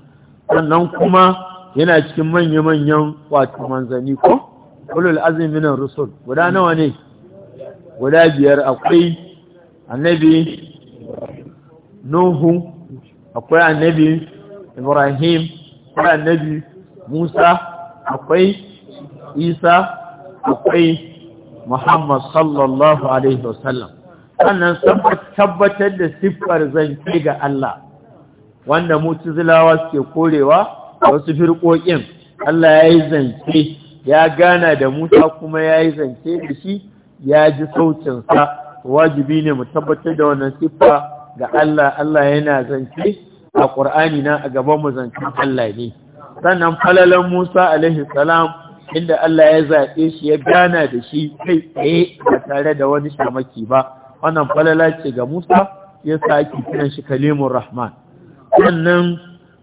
A: sannan kuma yana cikin manya-manyan wato manzani. ko ulul azmi rusul guda nawa ne guda biyar akwai annabi nuhu akwai annabi ibrahim akwai annabi musa akwai isa akwai muhammad sallallahu alaihi wasallam sannan tabbatar da siffar zance ga Allah wanda mutazilawa suke korewa wasu firƙoƙin Allah ya yi zance ya gana da Musa kuma ya yi zance da shi ya ji Su wajibi ne mu tabbatar da wannan siffa ga Allah Allah yana zance a ƙur'ani na a gaban mu zancen Allah ne sannan falalan Musa alaihi salam inda Allah ya zaɓe shi ya gana da shi kai tsaye ba tare da wani shamaki ba wannan falala ce ga Musa ya sa ake kiran shi kalimun Rahman wannan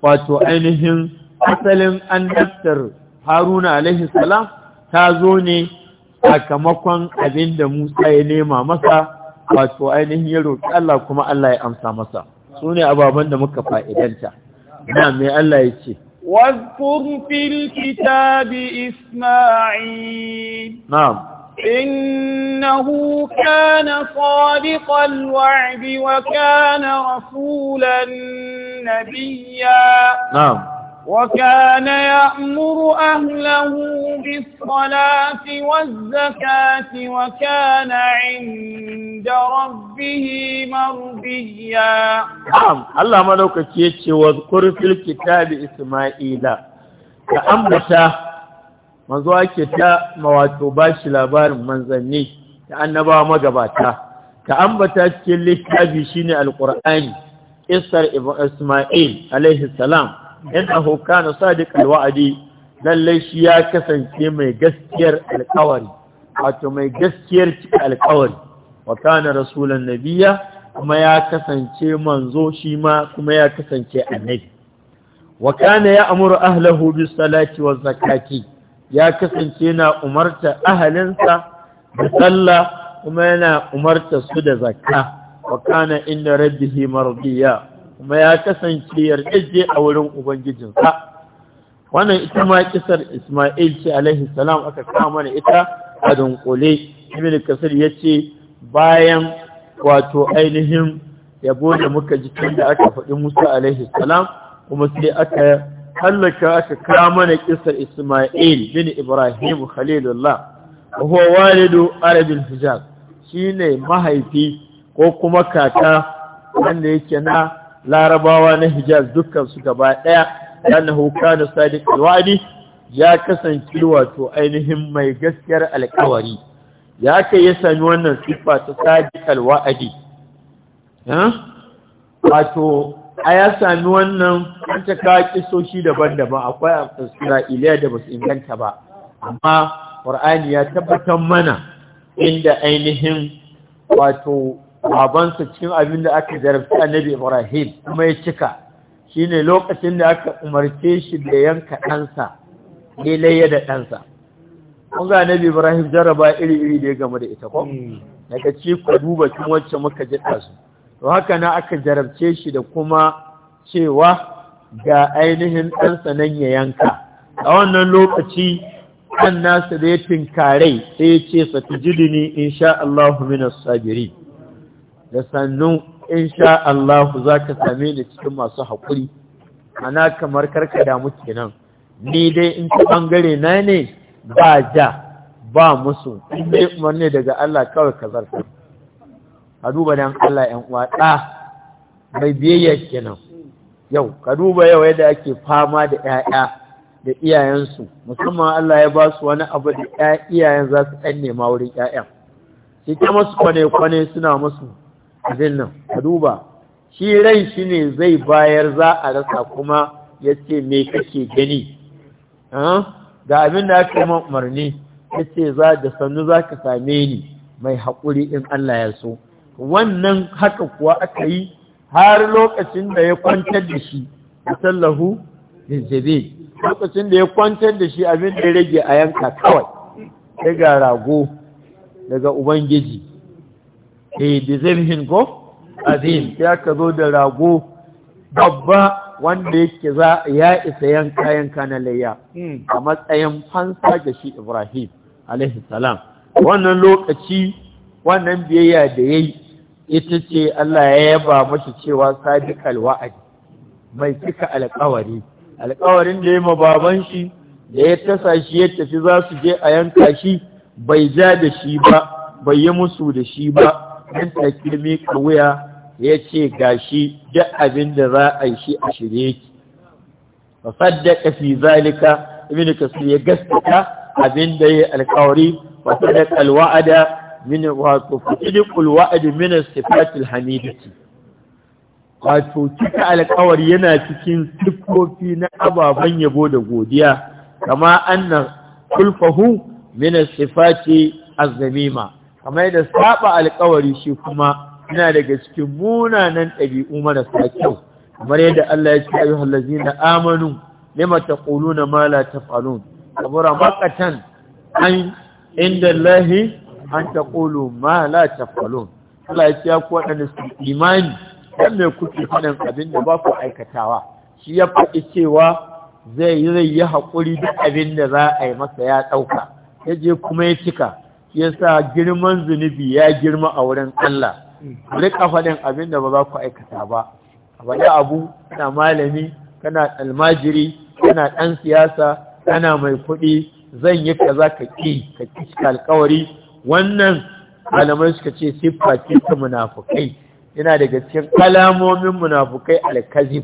A: wato ainihin asalin daftar haruna alaihi salam ta zo ne sakamakon abin da musa ya nema masa wato ainihin ya roƙi Allah kuma Allah ya amsa masa su ne ababen da muka fa'idanta na mai Allah ya ce
B: Wasu في kitabi Isma'il. إنه كان صادق الوعد وكان رسولا نبيا نعم وكان يأمر أهله بالصلاة والزكاة وكان عند ربه مرضيا نعم
A: الله ملوك تيتش واذكر في الكتاب إسماعيل فأمتا manzo ake ta mawato bashi labarin manzanni da annabawa magabata ka ambata cikin littafi shine alqur'ani isar isma'il alaihi salam innahu kana sadiq alwa'di lalle shi ya kasance mai gaskiyar alƙawari wato mai gaskiyar cika alƙawari wa kana rasulan nabiyya kuma ya kasance manzo shi ma kuma ya kasance annabi wa kana ya amuru ahlahu bis salati waz zakati ya kasance yana umarta ahalinsa da sallah kuma yana umarta su da zakka wa kana inda rabbihi mardiya kuma ya kasance yarjeje a wurin ubangijinsa wannan ita ma kisar Isma'il ce alaihi salam aka kama mana ita a dunkule Ibn Kasir ce bayan wato ainihin yabo da muka ji da aka faɗi Musa alaihi salam kuma sai aka halaka aka kama mana kisar Ismail bin Ibrahim Khalilullah wa walidu Arabin Hijaz shine mahaifi ko kuma kaka wanda yake na Larabawa na Hijaz dukkan su gaba daya annahu kana sadiq alwadi ya kasance wato ainihin mai gaskiyar alƙawari ya kai ya sami wannan siffa ta sadiq alwadi wato a ya sami wannan an cika kisoshi daban-daban akwai a Iliya da basu inganta ba amma ƙwar'ani ya tabbatar mana inda ainihin wato babansa cikin abin da aka zarafta annabi ibrahim kuma ya cika shine lokacin da aka umarce shi da yanka ɗansa ne laye da ɗansa kun ga annabi ibrahim jaraba iri-iri da ya gama da ita ko mm. daga ci ku duba kin wacce muka jiɗa su to haka na aka jarabce shi da kuma cewa ga ainihin ɗansa nan ya yanka a wannan lokaci an nasu da ya tinkare sai ya ce satujidini insha Allahu minas sabiri da sannu insha Allahu za ka same ni cikin masu haƙuri ana kamar karka damu kenan ni dai in ta ɓangare na ne ba ja ba musu in dai umarni daga Allah kawai ka zarta ka duba Allah ‘yan uwa ɗa mai biyayya kenan yau ka duba yau yadda ake fama da ‘ya'ya da iyayensu musamman Allah ya ba su wani abu da iyayen za su ɗan nema wurin ‘ya'yan shi ta masu kwane-kwane suna masu abin nan ka duba shi rai shi ne zai bayar za a rasa kuma ya ce me kake gani ah, ga abin da aka yi umarni ya ce za da sannu za ka same ni mai haƙuri in Allah ya so wannan haka kuwa aka yi har lokacin da ya kwantar da shi a sallahu lokacin da ya kwantar da shi abin da ya rage a yanka kawai daga rago daga ubangiji e da mihin ko azim ya ka zo da rago babba wanda yake za ya isa yanka yanka na layya hmm. a matsayin fansa ga shi ibrahim alaihi salam wannan lokaci wannan biyayya da ya yi ita ce Allah ya yaba mashi cewa sadiƙal wa'adi mai cika alƙawari alƙawarin da ya ma baban shi da ya tasa shi ya tafi za su je a yanka shi bai ja da shi ba bai yi musu da shi ba dan take miƙa wuya ya ce ga shi duk abin da za a yi shi a shirye ki ba saddaka fi zalika ibn kasir ya gaskata abin da ya alƙawari ba saddaka alwa'ada min wato fasidiqul wa'd min sifatil hamidati wato cika alƙawari yana cikin siffofi na ababan yabo da godiya kama anna kulfahu min sifati azzamima kamar da saba alƙawari shi kuma yana daga cikin munanan ɗabi'u marasa kyau kamar yadda Allah ya ce ayyuhal ladzina amanu lima taquluna ma la taf'alun kabura maqatan an inda Allahi an ta ƙolo ma la tafalon Allah ya ce ya ku waɗanda su imani dan mai kuke faɗin abin da ba ku aikatawa shi ya faɗi cewa zai yi zai yi haƙuri duk abin da za a yi masa ya ɗauka ya je kuma ya cika ya sa girman zunubi ya girma a wurin Allah rika faɗin abin da ba za ku aikata ba a faɗi abu kana malami kana almajiri kana ɗan siyasa kana mai kuɗi zan yi kaza ka ƙi ka ƙi alƙawari wannan alamai suka ce siffa ce ta munafukai yana daga cikin kalamomin munafukai alkazib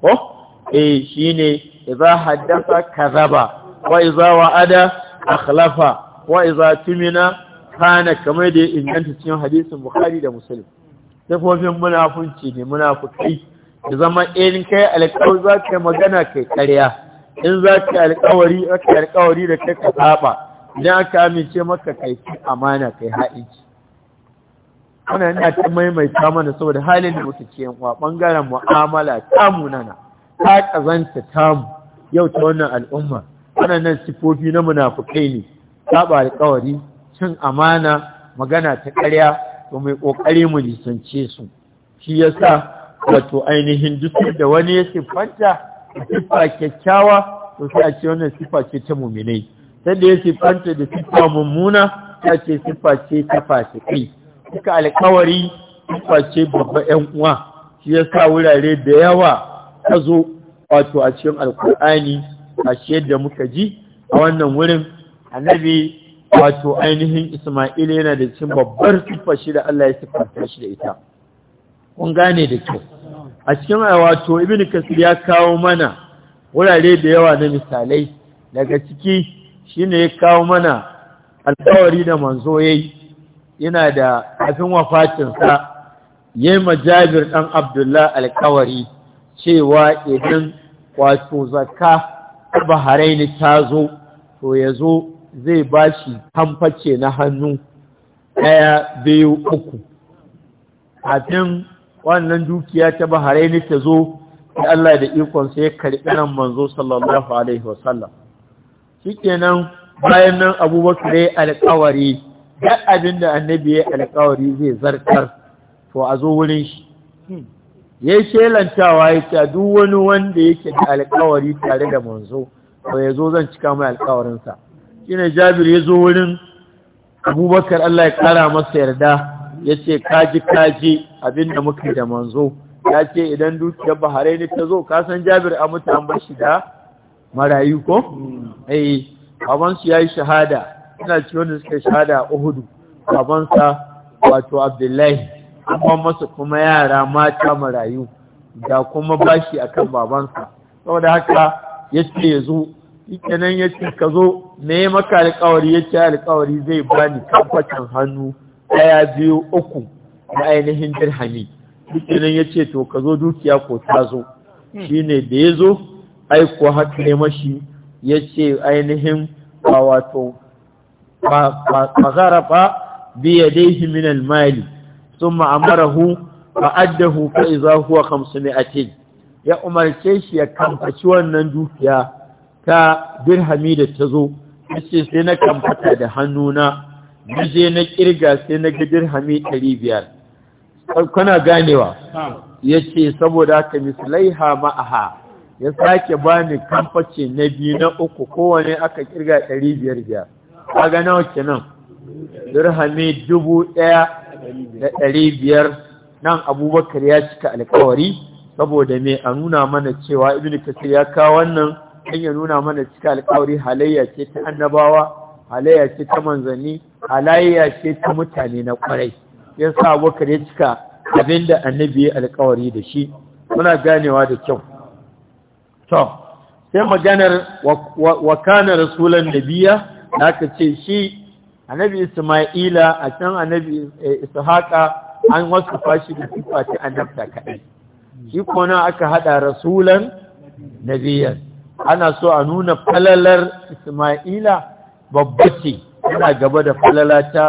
A: ko eh shine idza haddatha kadhaba wa idza wa'ada akhlafa wa idza tumina kana kamar da inganta cikin hadisin bukhari da muslim sifofin munafunci ne munafukai da zama in kai alƙawari za ka magana kai ƙarya in za ka alƙawari za alƙawari da kai ka saba idan aka amince maka kai amana kai ha'inci wannan ina ta maimaita mana saboda halin da muke cikin wa bangaren mu'amala tamu nana ta kazanta tamu yau ta wannan al'umma wannan sifofi na munafukai ne saba alƙawari cin amana magana ta ƙarya to mai ƙoƙari mu nisance su shi yasa wato ainihin duk da wani ya siffanta siffa kyakkyawa to sai a ce wannan siffa ce ta muminai sai da ya siffanta da siffa mummuna ta ce siffa ce ta fasikai suka alkawari siffa ce babba ‘yan uwa shi ya sa wurare da yawa ta zo wato a cikin alkur'ani a shi da muka ji a wannan wurin annabi wato ainihin isma'ila yana da cikin babbar siffa shi da Allah ya siffanta shi da ita kun gane da kyau a cikin wato ibn kasir ya kawo mana wurare da yawa na misalai daga ciki ne ya kawo mana alkawari da manzo yayi yana da kafin wafatinsa yi majabir ɗan abdullah alkawari cewa idan wato ta baharaini ta zo to ya zo zai ba shi kamface na hannu ɗaya biyu uku kafin wannan dukiya ta baharaini ta zo Allah da ikonsa ya karɓi nan manzo sallallahu alaihi wasallam shikenan bayan nan abubakar ya alkawari duk abin da annabi ya alkawari zai zartar to a zo wurin shi ya shelantawa ya ce duk wani wanda yake da alkawari tare da manzo to ya zo zan cika mai shi ne jabir ya zo wurin abubakar Allah ya kara masa yarda ya ce kaji kaji abin da muka da manzo ya ce idan dukiyar bahare ne ta zo kasan jabir a mutane ba shi da marayu ko hmm. eh babansu yi shahada ina ci wanda suka yi shahada a Uhudu, babansa wato Abdullahi amma masa kuma yara mata marayu da kuma bashi a kan babansa saboda haka yace nan ya yace ka zo yi maka alƙawari yace alkawari zai bani tabbatan hannu ɗaya biyu uku na ainihin dirhami ya yace to ka zo dukiya ko ta zo hmm. ne da ya zo. aiko haka ne mashi ya ce ainihin ba wato ba biya daihi minal Mali. sun ma'amarahu ba addahu ka iza huwa kamsu ne ya umarce shi ya kamfaci wannan dukiya ta birhami da ta zo ce sai na kamfata da hannuna na je na kirga sai na ga dirhami 500 biyar kana ganewa ya ce saboda ka misalai ha ma'aha ya sake ba ni kamface na biyu na uku kowane aka kirga ɗari biyar biyar gana nawa nan, durhami dubu ɗaya da ɗari biyar nan abubakar ya cika alkawari saboda mai a nuna mana cewa ibn kasir ya kawo wannan an ya nuna mana cika alkawari halayya ce ta annabawa halayya ce ta manzanni halayya ce ta mutane na kwarai Ya sa abubakar ya cika abinda annabi ya alkawari da shi muna ganewa da kyau to sai maganar wa kana rasulan nabiya aka ce shi annabi isma'ila a can annabi eh, ishaqa an wasu fashi da sifa a annabta kaɗai shi kona aka haɗa rasulan nabiyan ana so a nuna falalar isma'ila babba ce yana gaba da falala ta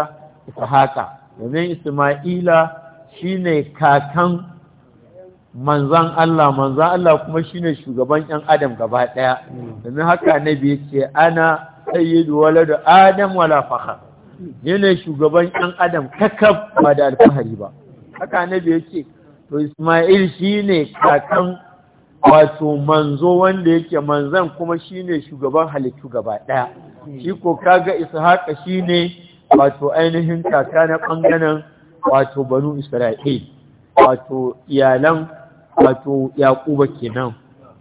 A: ishaqa domin isma'ila shi ne kakan manzan Allah manzan Allah kuma shine shugaban yan adam gaba ɗaya domin haka annabi ce ana sayyidu waladu adam wala fakhar yana shugaban yan adam kakaf ba da alfahari ba haka annabi yace to Isma'il shine kakan wato manzo wanda yake manzan kuma shine shugaban halittu gaba ɗaya shi ko kaga ishaqa shine wato ainihin kaka na ɓangaren wato banu isra'il wato iyalan wato ke kenan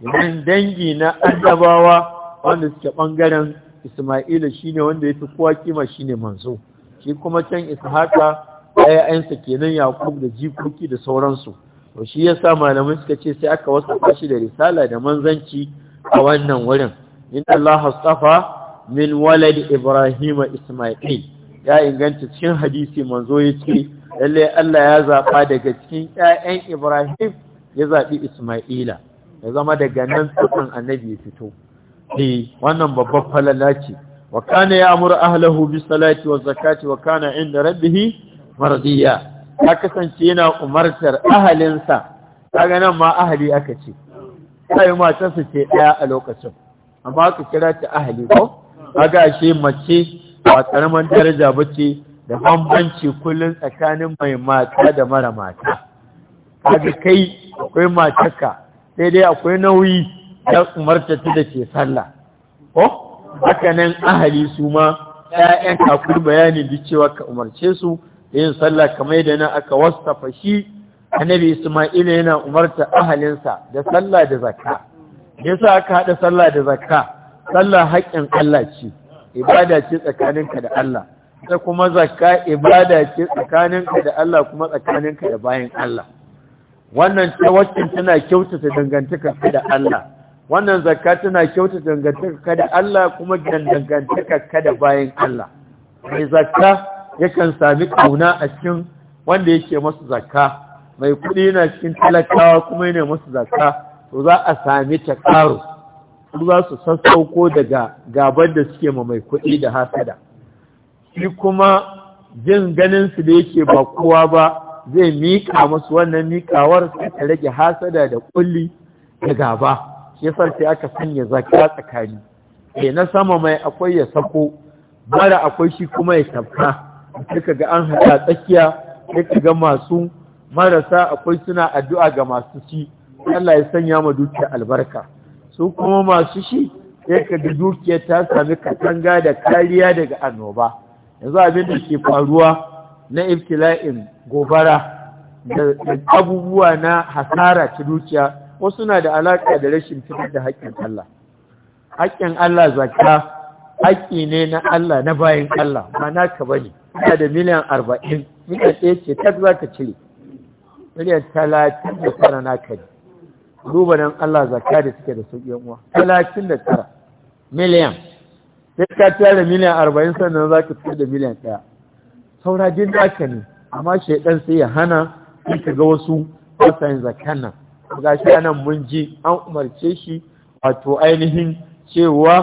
A: idan dangi na annabawa wanda suke ɓangaren isma'ila shine wanda ya fi kowa kima shine manzo shi kuma can ishaka ke kenan yaƙub da jikoki da sauransu to shi yasa malamai suka ce sai aka wasa shi da risala da manzanci a wannan wurin in allah Safa min walad ibrahima isma'il ya inganta cikin hadisi manzo ya ce, lallai Allah ya zaɓa daga cikin 'ya'yan ibrahim ya zaɓi Ismaila ya zama daga nan tsakan annabi ya fito E, wannan babban falala ce wa kana amura ahlahu bi salati wa zakati wa kana inda rabbihi mardiya ya kasance yana umartar ahalinsa kaga nan ma ahali aka ce yi matarsa ce ɗaya a lokacin amma aka kira ta ahali ko a ashe mace ba karaman daraja ba ce, da bambanci kullum tsakanin mai mata da mara mata kaga kai akwai matarka sai dai akwai nauyi na ta da ke sallah ko haka nan ahali su ma ƴaƴan kafin bayanin duk cewa ka umarce su yin sallah kamar da na aka wasafa shi annabi Isma'ila yana umarta ahalinsa da sallah da zakka yasa aka haɗa sallah da zakka sallah haƙƙin Allah ce ibada ce tsakaninka da Allah ta kuma zakka ibada ce tsakaninka da Allah kuma tsakaninka da bayan Allah wannan tawakkul tana kyautata dangantakarka da Allah wannan zakka tana kyautata dangantakarka da Allah kuma dangantakarka da bayin Allah mai zakka yakan sami kauna a cikin wanda yake masa zakka mai kuɗi na cikin talakawa kuma yana masa zakka to za a sami ta karu su za su sassauko daga gabar da suke ma mai kuɗi da hasada shi kuma jin ganin su da yake ba kowa ba zai mika masu wannan mikawar, sai rage hasada da ƙulli da gaba shi yasa sai aka sanya zakka tsakani eh na sama mai akwai ya sako bara akwai shi kuma ya tafka kika ga an haɗa tsakiya kika ga masu marasa akwai suna addu'a ga masu shi Allah ya sanya ma dukiyar albarka su kuma masu shi sai ka ga dukiyar ta sami katanga da kariya daga annoba yanzu abin da ke faruwa na ibtila'in gobara da abubuwa na hasara ta dukiya wasu na da alaƙa da rashin fitar da haƙƙin Allah haƙƙin Allah zakka haƙƙi ne na Allah na bayan Allah ba naka bane ina da miliyan arba'in miliyan ɗaya ce ta za ka cire miliyan talatin da tara naka ne duba nan Allah zakka da suke da sauƙi uwa talatin da tara miliyan sai ka tara miliyan arba'in sannan za ka fitar da miliyan ɗaya saura jin naka ne amma shaidan sai ya hana sai ka ga wasu fasayin zakan nan ga shi anan mun ji an umarce shi wato ainihin cewa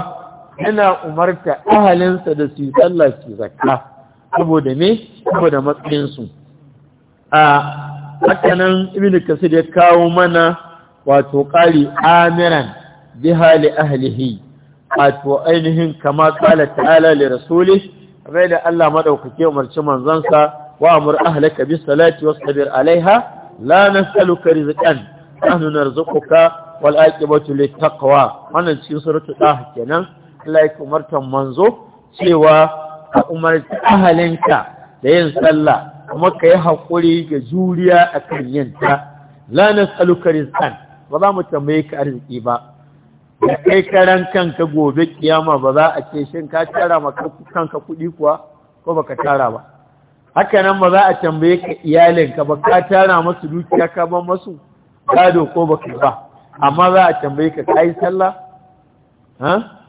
A: yana umarta ahalinsa da su yi sallah su zakka saboda me saboda matsayinsu a hakanan ibn kasir ya kawo mana wato ƙari amiran bihali ahlihi wato ainihin kama kala ta'ala li rasulih kamar da Allah madaukake umarci manzansa wa amur ahlaka bis salati wasbir alaiha la nas'aluka rizqan nahnu narzuquka wal aqibatu lit taqwa wannan cikin suratul dah kenan Allah ya umartan manzo cewa ka umarci ahalinka da yin sallah kuma ka yi haƙuri ga juriya akan yinta la nas'aluka rizqan ba za mu tambaye ka arziki ba da kai karan kanka gobe kiyama ba za a ce shin ka tara ma kanka kuɗi kuwa ko baka tara ba haka nan ba za a tambaye ka iyalinka ba ka tara masu dukiya ka ban masu gado ko baka ba amma za a tambaye ka kai sallah ha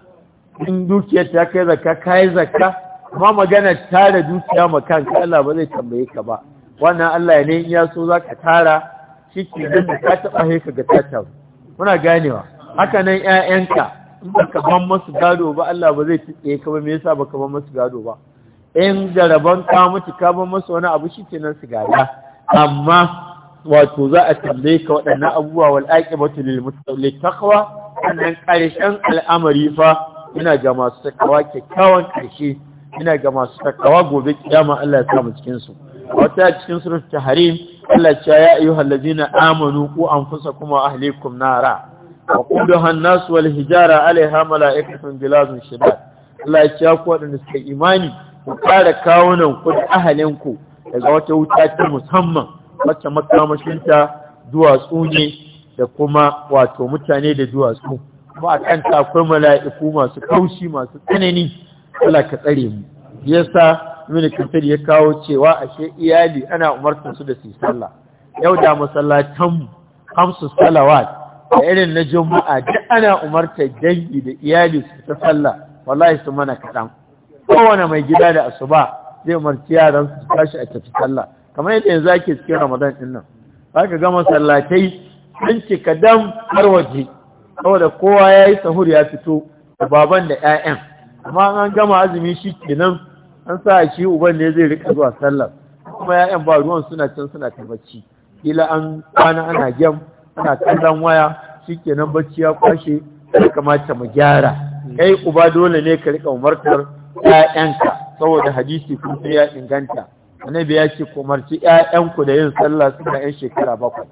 A: in dukiya ta kai zakka kai zakka amma magana tara dukiya ma kanka Allah ba zai tambaye ka ba wannan Allah ne in ya so zaka tara shi ke da ka taba haika ga tata muna ganewa haka nan ‘ya’yanka in baka ban masu gado ba Allah ba zai tsaye ka ba me yasa baka ban masu gado ba in jaraban ka mutu ka ban masu wani abu shi kenan su gada amma wato za a tambaye ka waɗannan abubuwa wal aqibatu lil muttaqin taqwa annan ƙarshen al'amari fa ina ga masu takawa kyakkyawan ƙarshe ina ga masu takawa gobe kiyama Allah ya sa mu cikin su wata cikin surat tahrim Allah ya ce ya ayyuhallazina amanu ku anfusakum wa ahlikum nara وقودها الناس والهجارة alaiha ملائكة غلاظ شداد Allah ya ciya ku waɗanda suka imani ku kare kawunan ku da ahalinku daga wata wuta ta musamman wacce makamashinta duwatsu ne da kuma wato mutane da duwatsu kuma a kanta akwai mala'iku masu kaushi masu tsanani Allah ka tsare mu yasa Ibn Kathir ya kawo cewa ashe iyali ana umartar su da su sallah yau da masallatan hamsu salawat da irin na juma'a duk ana umarta dangi da iyali su ta sallah wallahi su mana kaɗan kowane mai gida da asuba zai umarci yaran su tashi a tafi sallah kamar yadda yanzu ake cikin ramadan din nan za ka gama sallatai an cika dam har waje saboda kowa ya yi sahur ya fito da baban da 'ya'yan amma an gama azumi shi kenan an sa shi uban ne zai rika zuwa sallah, kuma 'ya'yan ba ruwan suna can suna ta bacci kila an kwana ana gyam tana kallon waya shikenan bacci ya kwashe ya kamata mu gyara kai uba dole ne ka rika umartar ƴaƴanka saboda hadisi kun sai ya inganta annabi ya ce ku umarci ƴaƴanku da yin sallah suna 'yan shekara bakwai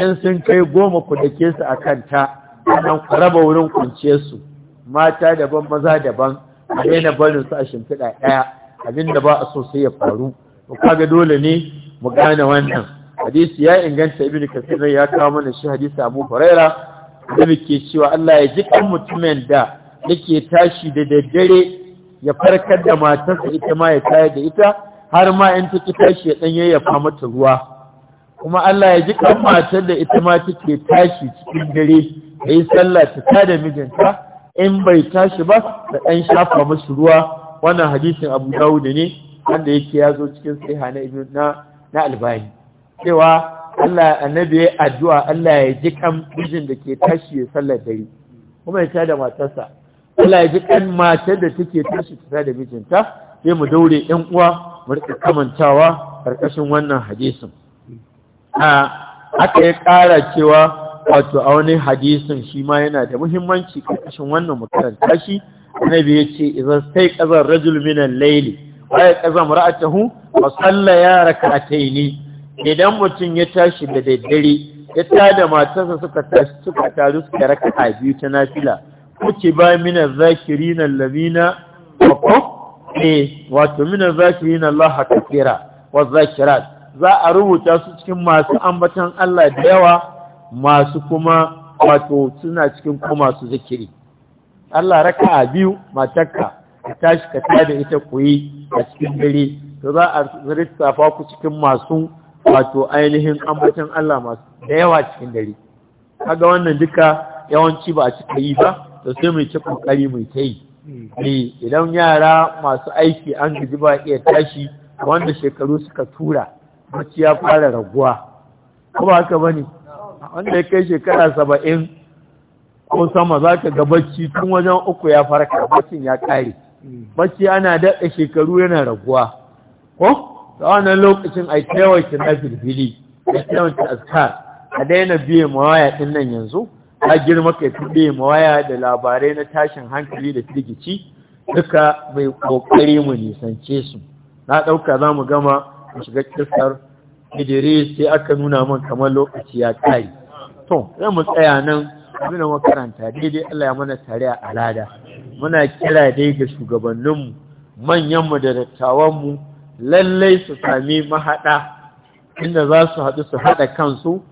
A: in sun kai goma ku dake su akan ta sannan ku raba wurin kunce su mata daban maza daban a daina barin su a shimfiɗa ɗaya abinda da ba a so sai ya faru ku kaga dole ne mu gane wannan hadisi ya inganta ibn kasir ya kawo mana shi hadisi abu huraira da muke cewa Allah ya ji kan mutumin da yake tashi da daddare ya farkar da matarsa ita ma ya tayar da ita har ma in ta tashi ya dan yayyafa mata ruwa kuma Allah ya ji kan matar da ita ma take tashi cikin dare ta sallah ta tada mijinta in bai tashi ba da ɗan shafa masu ruwa wannan hadisin abu dawud ne wanda yake ya zo cikin sahiha na ibn na albani cewa Allah annabi ya addu'a Allah ya ji kan mijin da ke tashi ya sallar dare kuma ya da matarsa Allah ya ji kan matar da take tashi ta da mijinta sai mu daure ɗan uwa mu rika kamantawa karkashin wannan hadisin a aka ya ƙara cewa wato a wani hadisin shi ma yana da muhimmanci karkashin wannan makaranta shi annabi ya ce idan sai ƙazar rajul minan al-layli wa yaqza mar'atahu wa salla ya rak'ataini idan mutum ya tashi da daddare ya tada matarsa suka tashi suka taru suka raka a biyu ta nafila kuce ba mina zakiri na lamina ne eh, wato mina zakiri na Allah kafira wa zakirat za a rubuta su cikin masu ambatan Allah da yawa masu kuma wato suna cikin kuma masu zikiri Allah raka a biyu matarka ka tashi ka tada ita koyi a cikin dare to za a lissafa ku cikin masu wato ainihin ambacin Allah masu da yawa cikin dare kaga wannan duka yawanci ba a cika yi ba to sai mai ci kokari mu ta yi ne eh, idan yara masu aiki an gaji ba iya tashi wanda shekaru suka tura mace ya fara raguwa ko ba haka bane wanda ya kai shekara saba'in ko sama za ka ga bacci tun wajen uku ya farka baccin ya kare bacci ana daɗa shekaru yana raguwa ko da wannan lokacin a yawaita na firfili da yawaita askar a daina biye mawaya ɗin nan yanzu a girma kai fi biye mawaya da labarai na tashin hankali da firgici duka mai kokari mu nisance su na ɗauka za mu gama mu shiga kirkar idris sai aka nuna min kamar lokaci ya ƙari to zai mu tsaya nan abin da makaranta daidai allah ya mana tare a alada muna kira dai ga shugabanninmu manyanmu da dattawanmu lallai su sami mahaɗa inda za su haɗu su haɗa kansu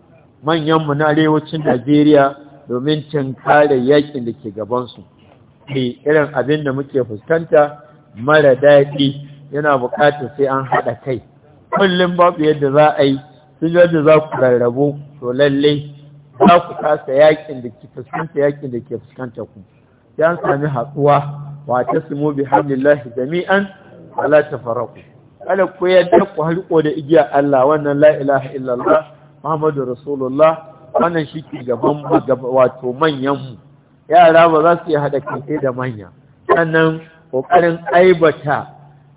A: manyanmu na arewacin Najeriya domin tinkare yakin da ke gabansu. Ne irin abin da muke fuskanta mara daɗi yana buƙatar sai an haɗa kai. Kullum babu yadda za a yi, sun yadda za ku rarrabu to lallai, za ku kasa yakin da ke fuskanta yakin da ke fuskanta ku. Ya sami haɗuwa wa ta simo bi hamdillahi jami'an ala tafarraku. kada ku yadda ku harko da igiya Allah wannan la ilaha illallah Muhammadu Rasulullah wannan shi ke gaban wato manyanmu yara ba za su yi haɗa kai da manya sannan ƙoƙarin aibata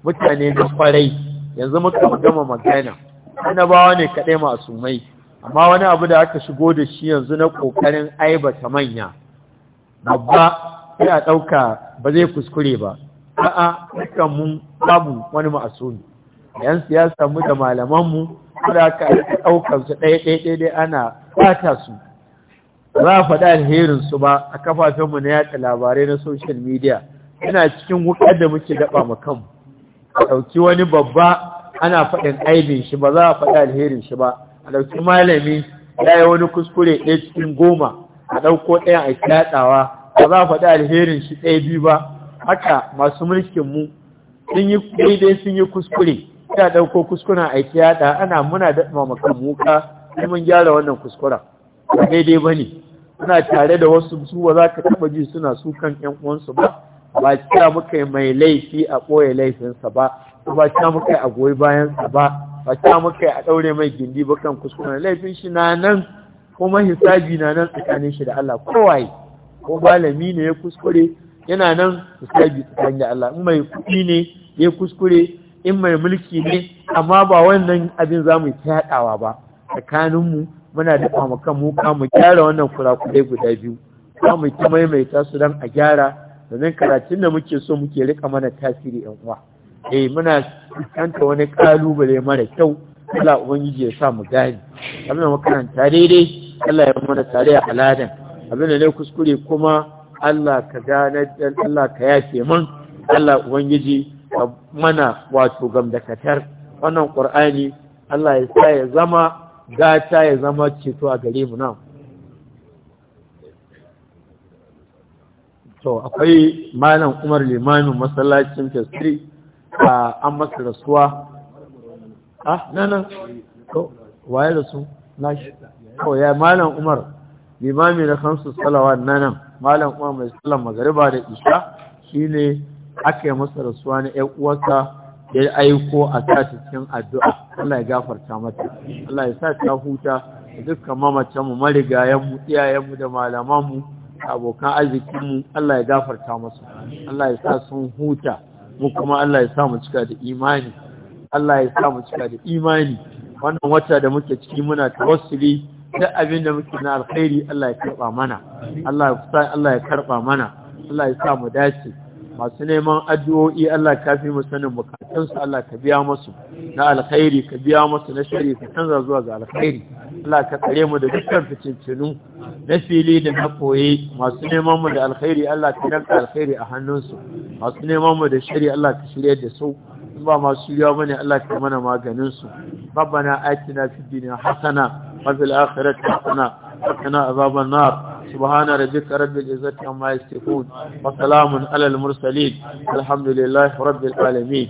A: mutane da kwarai yanzu muka gama magana ba ne kaɗai masu mai amma wani abu da aka shigo da shi yanzu na ƙoƙarin aibata manya babba ya ɗauka ba zai kuskure ba a'a dukkan mun babu wani ma'asumi yan siyasa mu da malamanmu da aka ɗaukar su ɗaya-ɗaya ana ɓata su za a faɗa alherin su ba a kafafen mu na yaɗa labarai na social media yana cikin wukar da muke daɓa mu kan. a ɗauki wani babba ana faɗin aibin shi ba za a faɗa alherin shi ba a ɗauki malami ya yi wani kuskure ɗaya cikin goma a ɗauko ɗayan a kyaɗawa ba za a faɗi alherin shi ɗaya biyu ba haka masu mulkinmu sun yi daidai sun yi kuskure ya ɗauko kuskuna a yaɗa ana muna daɗa makan muka sai mun gyara wannan kuskura ba daidai ba ne suna tare da wasu su ba za ka taɓa ji suna sukan ƴan uwansu ba ba kira muka mai laifi a ɓoye laifinsa ba ba kira muka a goyi bayansa ba ba kira muka a ɗaure mai gindi ba kan kuskura. laifin shi na nan kuma hisabi na nan tsakanin shi da Allah kowaye ko malami ne ya kuskure yana nan hisabi tsakanin da Allah in mai kuɗi ne ya kuskure in mai mulki ne amma ba wannan abin za mu yaɗawa ba tsakaninmu muna da kan mu mu gyara wannan kurakurai guda biyu za mu ta maimaita su don a gyara domin karatun da muke so muke rika mana tasiri yan uwa eh muna fuskanta wani kalubale mara kyau Allah ubangiji ya sa mu gane abin da makaranta daidai Allah ya mana tare a aladan abin da ne kuskure kuma Allah ka ganar Allah ka yafe man Allah ubangiji ka mana wato gamdakatar wannan ƙur'ani Allah ya sa ya zama gata ya zama ceto a gare mu nan to akwai malam Umar limamin masallacin tafsiri a an masu rasuwa ah nan to waye rasu lashi to ya malam Umar limamin na kansu salawa nan malam Umar mai sallan magariba da isha shine aka yi masa rasuwa na ‘yan uwarsa ya aiko a sa cikin addu'a Allah ya gafarta mata Allah ya sa ta huta dukkan mamacin mu marigayen mu iyayen mu da malaman mu abokan arzikin mu Allah ya gafarta masu Allah ya sa sun huta mu kuma Allah ya sa mu cika da imani Allah ya sa mu cika da imani wannan wata da muke ciki muna tawassuli duk abin da muke na alkhairi Allah ya karba mana Allah ya Allah ya karba mana Allah ya sa mu dace masu neman addu'o'i Allah ka fi musanin bukatunsu Allah ka biya masu na alkhairi ka biya masu na shari ka canza zuwa ga alkhairi Allah ka tsare mu da dukkan fitintunu na fili da na koye, masu neman mu da alkhairi Allah ka narka alkhairi a hannunsu masu neman mu da shari Allah ka shirya da su in ba masu shirya bane Allah ka mana maganin su rabbana atina fi dunya hasana wa fil akhirati hasana وقنا عذاب النار سبحان ربك رب العزة عما يصفون وسلام على المرسلين الحمد لله رب العالمين